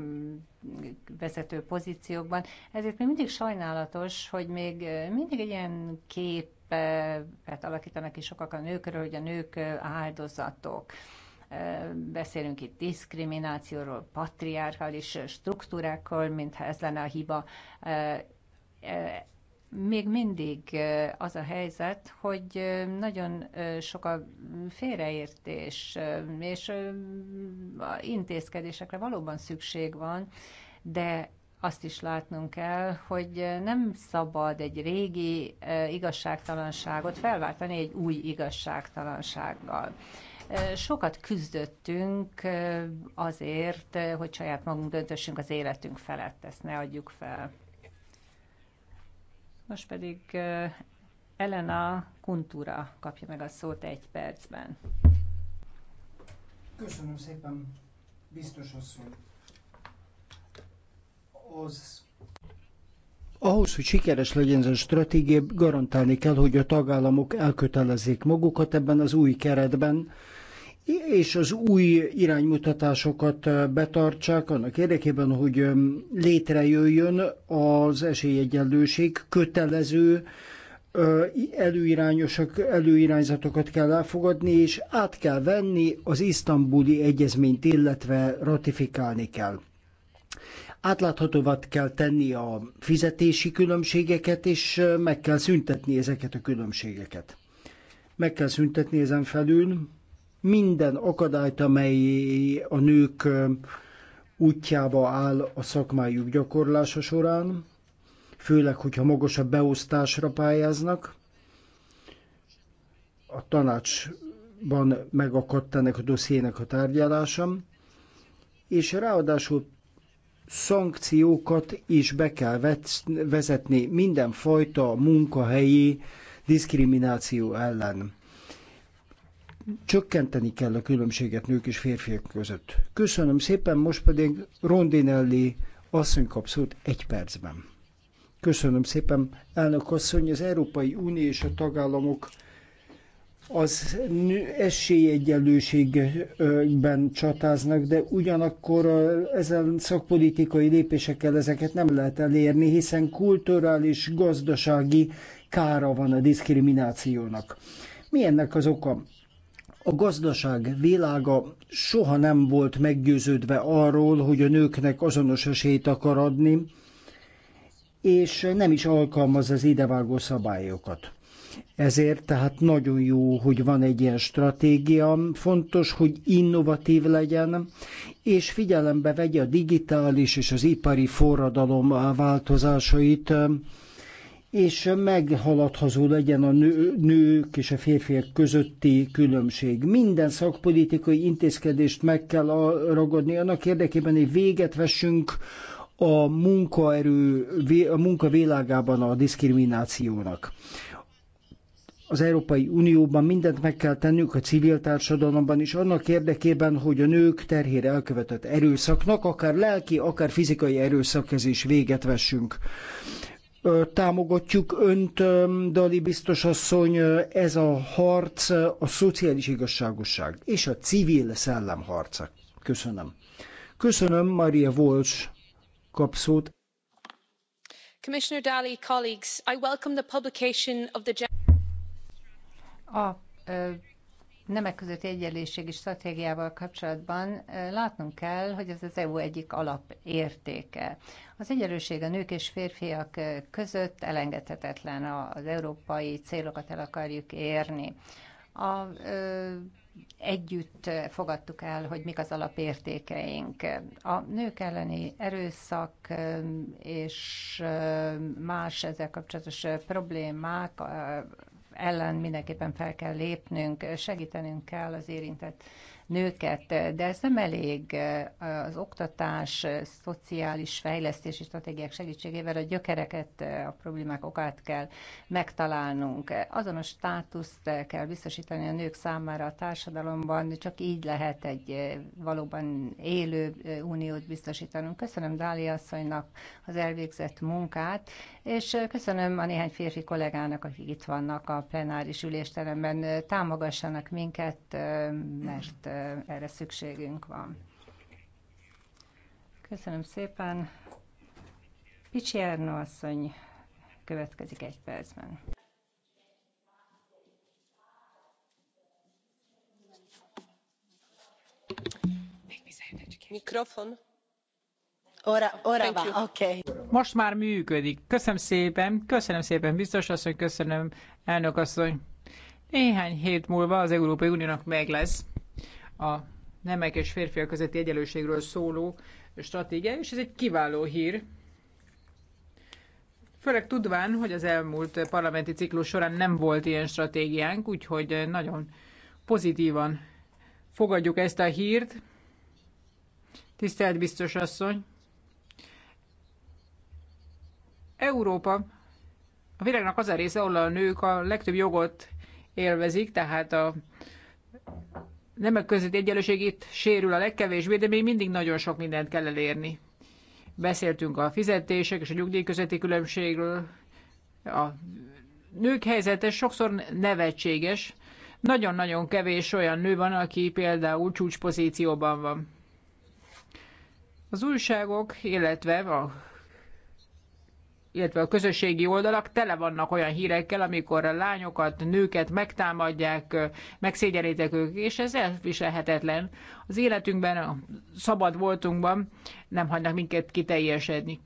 vezető pozíciókban. Ezért még mindig sajnálatos, hogy még mindig egy ilyen képet alakítanak ki sokak a nőkről, hogy a nők áldozatok beszélünk itt diszkriminációról, patriárhális struktúrákról, mintha ez lenne a hiba még mindig az a helyzet, hogy nagyon sok a félreértés, és intézkedésekre valóban szükség van, de azt is látnunk kell, hogy nem szabad egy régi igazságtalanságot felváltani egy új igazságtalansággal. Sokat küzdöttünk azért, hogy saját magunk döntössünk az életünk felett, ezt ne adjuk fel. Most pedig Elena Kuntura kapja meg a szót egy percben. Köszönöm szépen, biztos asszony. Az ahhoz, hogy sikeres legyen ez a stratégia, garantálni kell, hogy a tagállamok elkötelezzék magukat ebben az új keretben, és az új iránymutatásokat betartsák annak érdekében, hogy létrejöjjön az esélyegyenlőség kötelező előirányosak, előirányzatokat kell elfogadni, és át kell venni az isztambuli egyezményt, illetve ratifikálni kell. Átláthatóvá kell tenni a fizetési különbségeket, és meg kell szüntetni ezeket a különbségeket. Meg kell szüntetni ezen felül minden akadályt, amely a nők útjába áll a szakmájuk gyakorlása során, főleg, hogyha magasabb beosztásra pályáznak. A tanácsban megakadt ennek a dossziének a tárgyalása, és ráadásul szankciókat is be kell vezetni mindenfajta munkahelyi diszkrimináció ellen csökkenteni kell a különbséget nők és férfiak között. Köszönöm szépen, most pedig Rondinelli asszony kap egy percben. Köszönöm szépen, elnök asszony, az Európai Unió és a tagállamok az esélyegyenlőségben csatáznak, de ugyanakkor ezen szakpolitikai lépésekkel ezeket nem lehet elérni, hiszen kulturális, gazdasági kára van a diszkriminációnak. Mi ennek az oka? A gazdaság világa soha nem volt meggyőződve arról, hogy a nőknek azonos esélyt akar adni, és nem is alkalmaz az idevágó szabályokat. Ezért tehát nagyon jó, hogy van egy ilyen stratégia. Fontos, hogy innovatív legyen, és figyelembe vegye a digitális és az ipari forradalom változásait, és meghaladható legyen a nő, nők és a férfiak közötti különbség. Minden szakpolitikai intézkedést meg kell ragadni annak érdekében, hogy véget vessünk a munkaerő, a munka világában a diszkriminációnak. Az Európai Unióban mindent meg kell tennünk a civil társadalomban is annak érdekében, hogy a nők terhére elkövetett erőszaknak, akár lelki, akár fizikai is véget vessünk. Támogatjuk önt, Dali biztos asszony, ez a harc a szociális igazságosság és a civil szellem harca. Köszönöm. Köszönöm, Maria Walsh kapszót. Commissioner Dalli, colleagues, I welcome the publication of the a nemek közötti egyenlőség és stratégiával kapcsolatban látnunk kell, hogy ez az EU egyik alapértéke. Az egyenlőség a nők és férfiak között elengedhetetlen az európai célokat el akarjuk érni. A, ö, együtt fogadtuk el, hogy mik az alapértékeink. A nők elleni erőszak és más ezzel kapcsolatos problémák ellen mindenképpen fel kell lépnünk, segítenünk kell az érintett nőket, de ez nem elég eh, az oktatás, szociális fejlesztési stratégiák segítségével a gyökereket, eh, a problémák okát kell megtalálnunk. Azonos státuszt eh, kell biztosítani a nők számára a társadalomban, csak így lehet egy valóban élő uniót biztosítanunk. Köszönöm Dália asszonynak az elvégzett munkát, és köszönöm a néhány férfi kollégának, akik itt vannak a plenáris ülésteremben, támogassanak minket, mert erre szükségünk van. Köszönöm szépen. Picsierno asszony következik egy percben. Mikrofon. Most már működik. Köszönöm szépen, köszönöm szépen, biztos asszony, köszönöm, elnök asszony. Néhány hét múlva az Európai Uniónak meg lesz a nemek és férfiak közötti egyenlőségről szóló stratégia, és ez egy kiváló hír. Főleg tudván, hogy az elmúlt parlamenti ciklus során nem volt ilyen stratégiánk, úgyhogy nagyon pozitívan fogadjuk ezt a hírt. Tisztelt biztos asszony! Európa a világnak az a része, ahol a nők a legtöbb jogot élvezik, tehát a nemek közötti egyenlőség itt sérül a legkevésbé, de még mindig nagyon sok mindent kell elérni. Beszéltünk a fizetések és a nyugdíj közötti különbségről. A nők helyzete sokszor nevetséges. Nagyon-nagyon kevés olyan nő van, aki például csúcspozícióban van. Az újságok, illetve a illetve a közösségi oldalak tele vannak olyan hírekkel, amikor a lányokat, nőket megtámadják, megszégyenítek ők, és ez elviselhetetlen. Az életünkben, a szabad voltunkban nem hagynak minket kiteljesedni.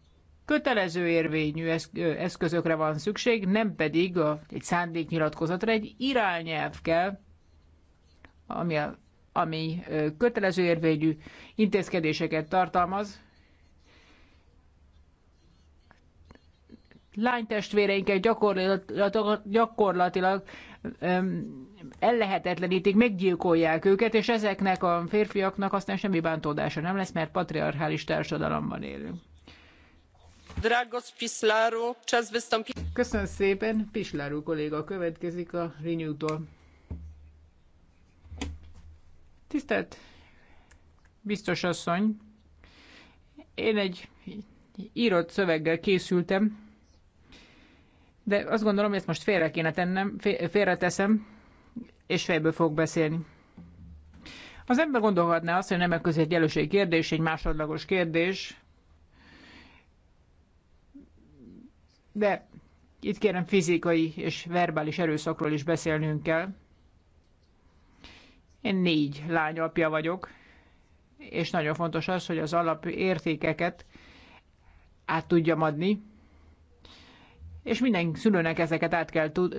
Kötelező érvényű eszközökre van szükség, nem pedig a, egy szándéknyilatkozatra, egy irányelv kell, ami, a, ami kötelező érvényű intézkedéseket tartalmaz, lánytestvéreinket gyakorlatilag, gyakorlatilag ellehetetlenítik, meggyilkolják őket, és ezeknek a férfiaknak aztán semmi bántódása nem lesz, mert patriarchális társadalomban élünk. Dragos Pislaru, czas Köszönöm szépen, Pislaru kolléga következik a Renew-tól. Tisztelt biztos asszony, én egy írott szöveggel készültem, de azt gondolom, hogy ezt most félre kéne tennem, félreteszem, és fejből fog beszélni. Az ember gondolhatná azt, hogy nemek közé egy előség kérdés, egy másodlagos kérdés, de itt kérem fizikai és verbális erőszakról is beszélnünk kell. Én négy lány apja vagyok, és nagyon fontos az, hogy az alapértékeket át tudjam adni, és minden szülőnek ezeket át kell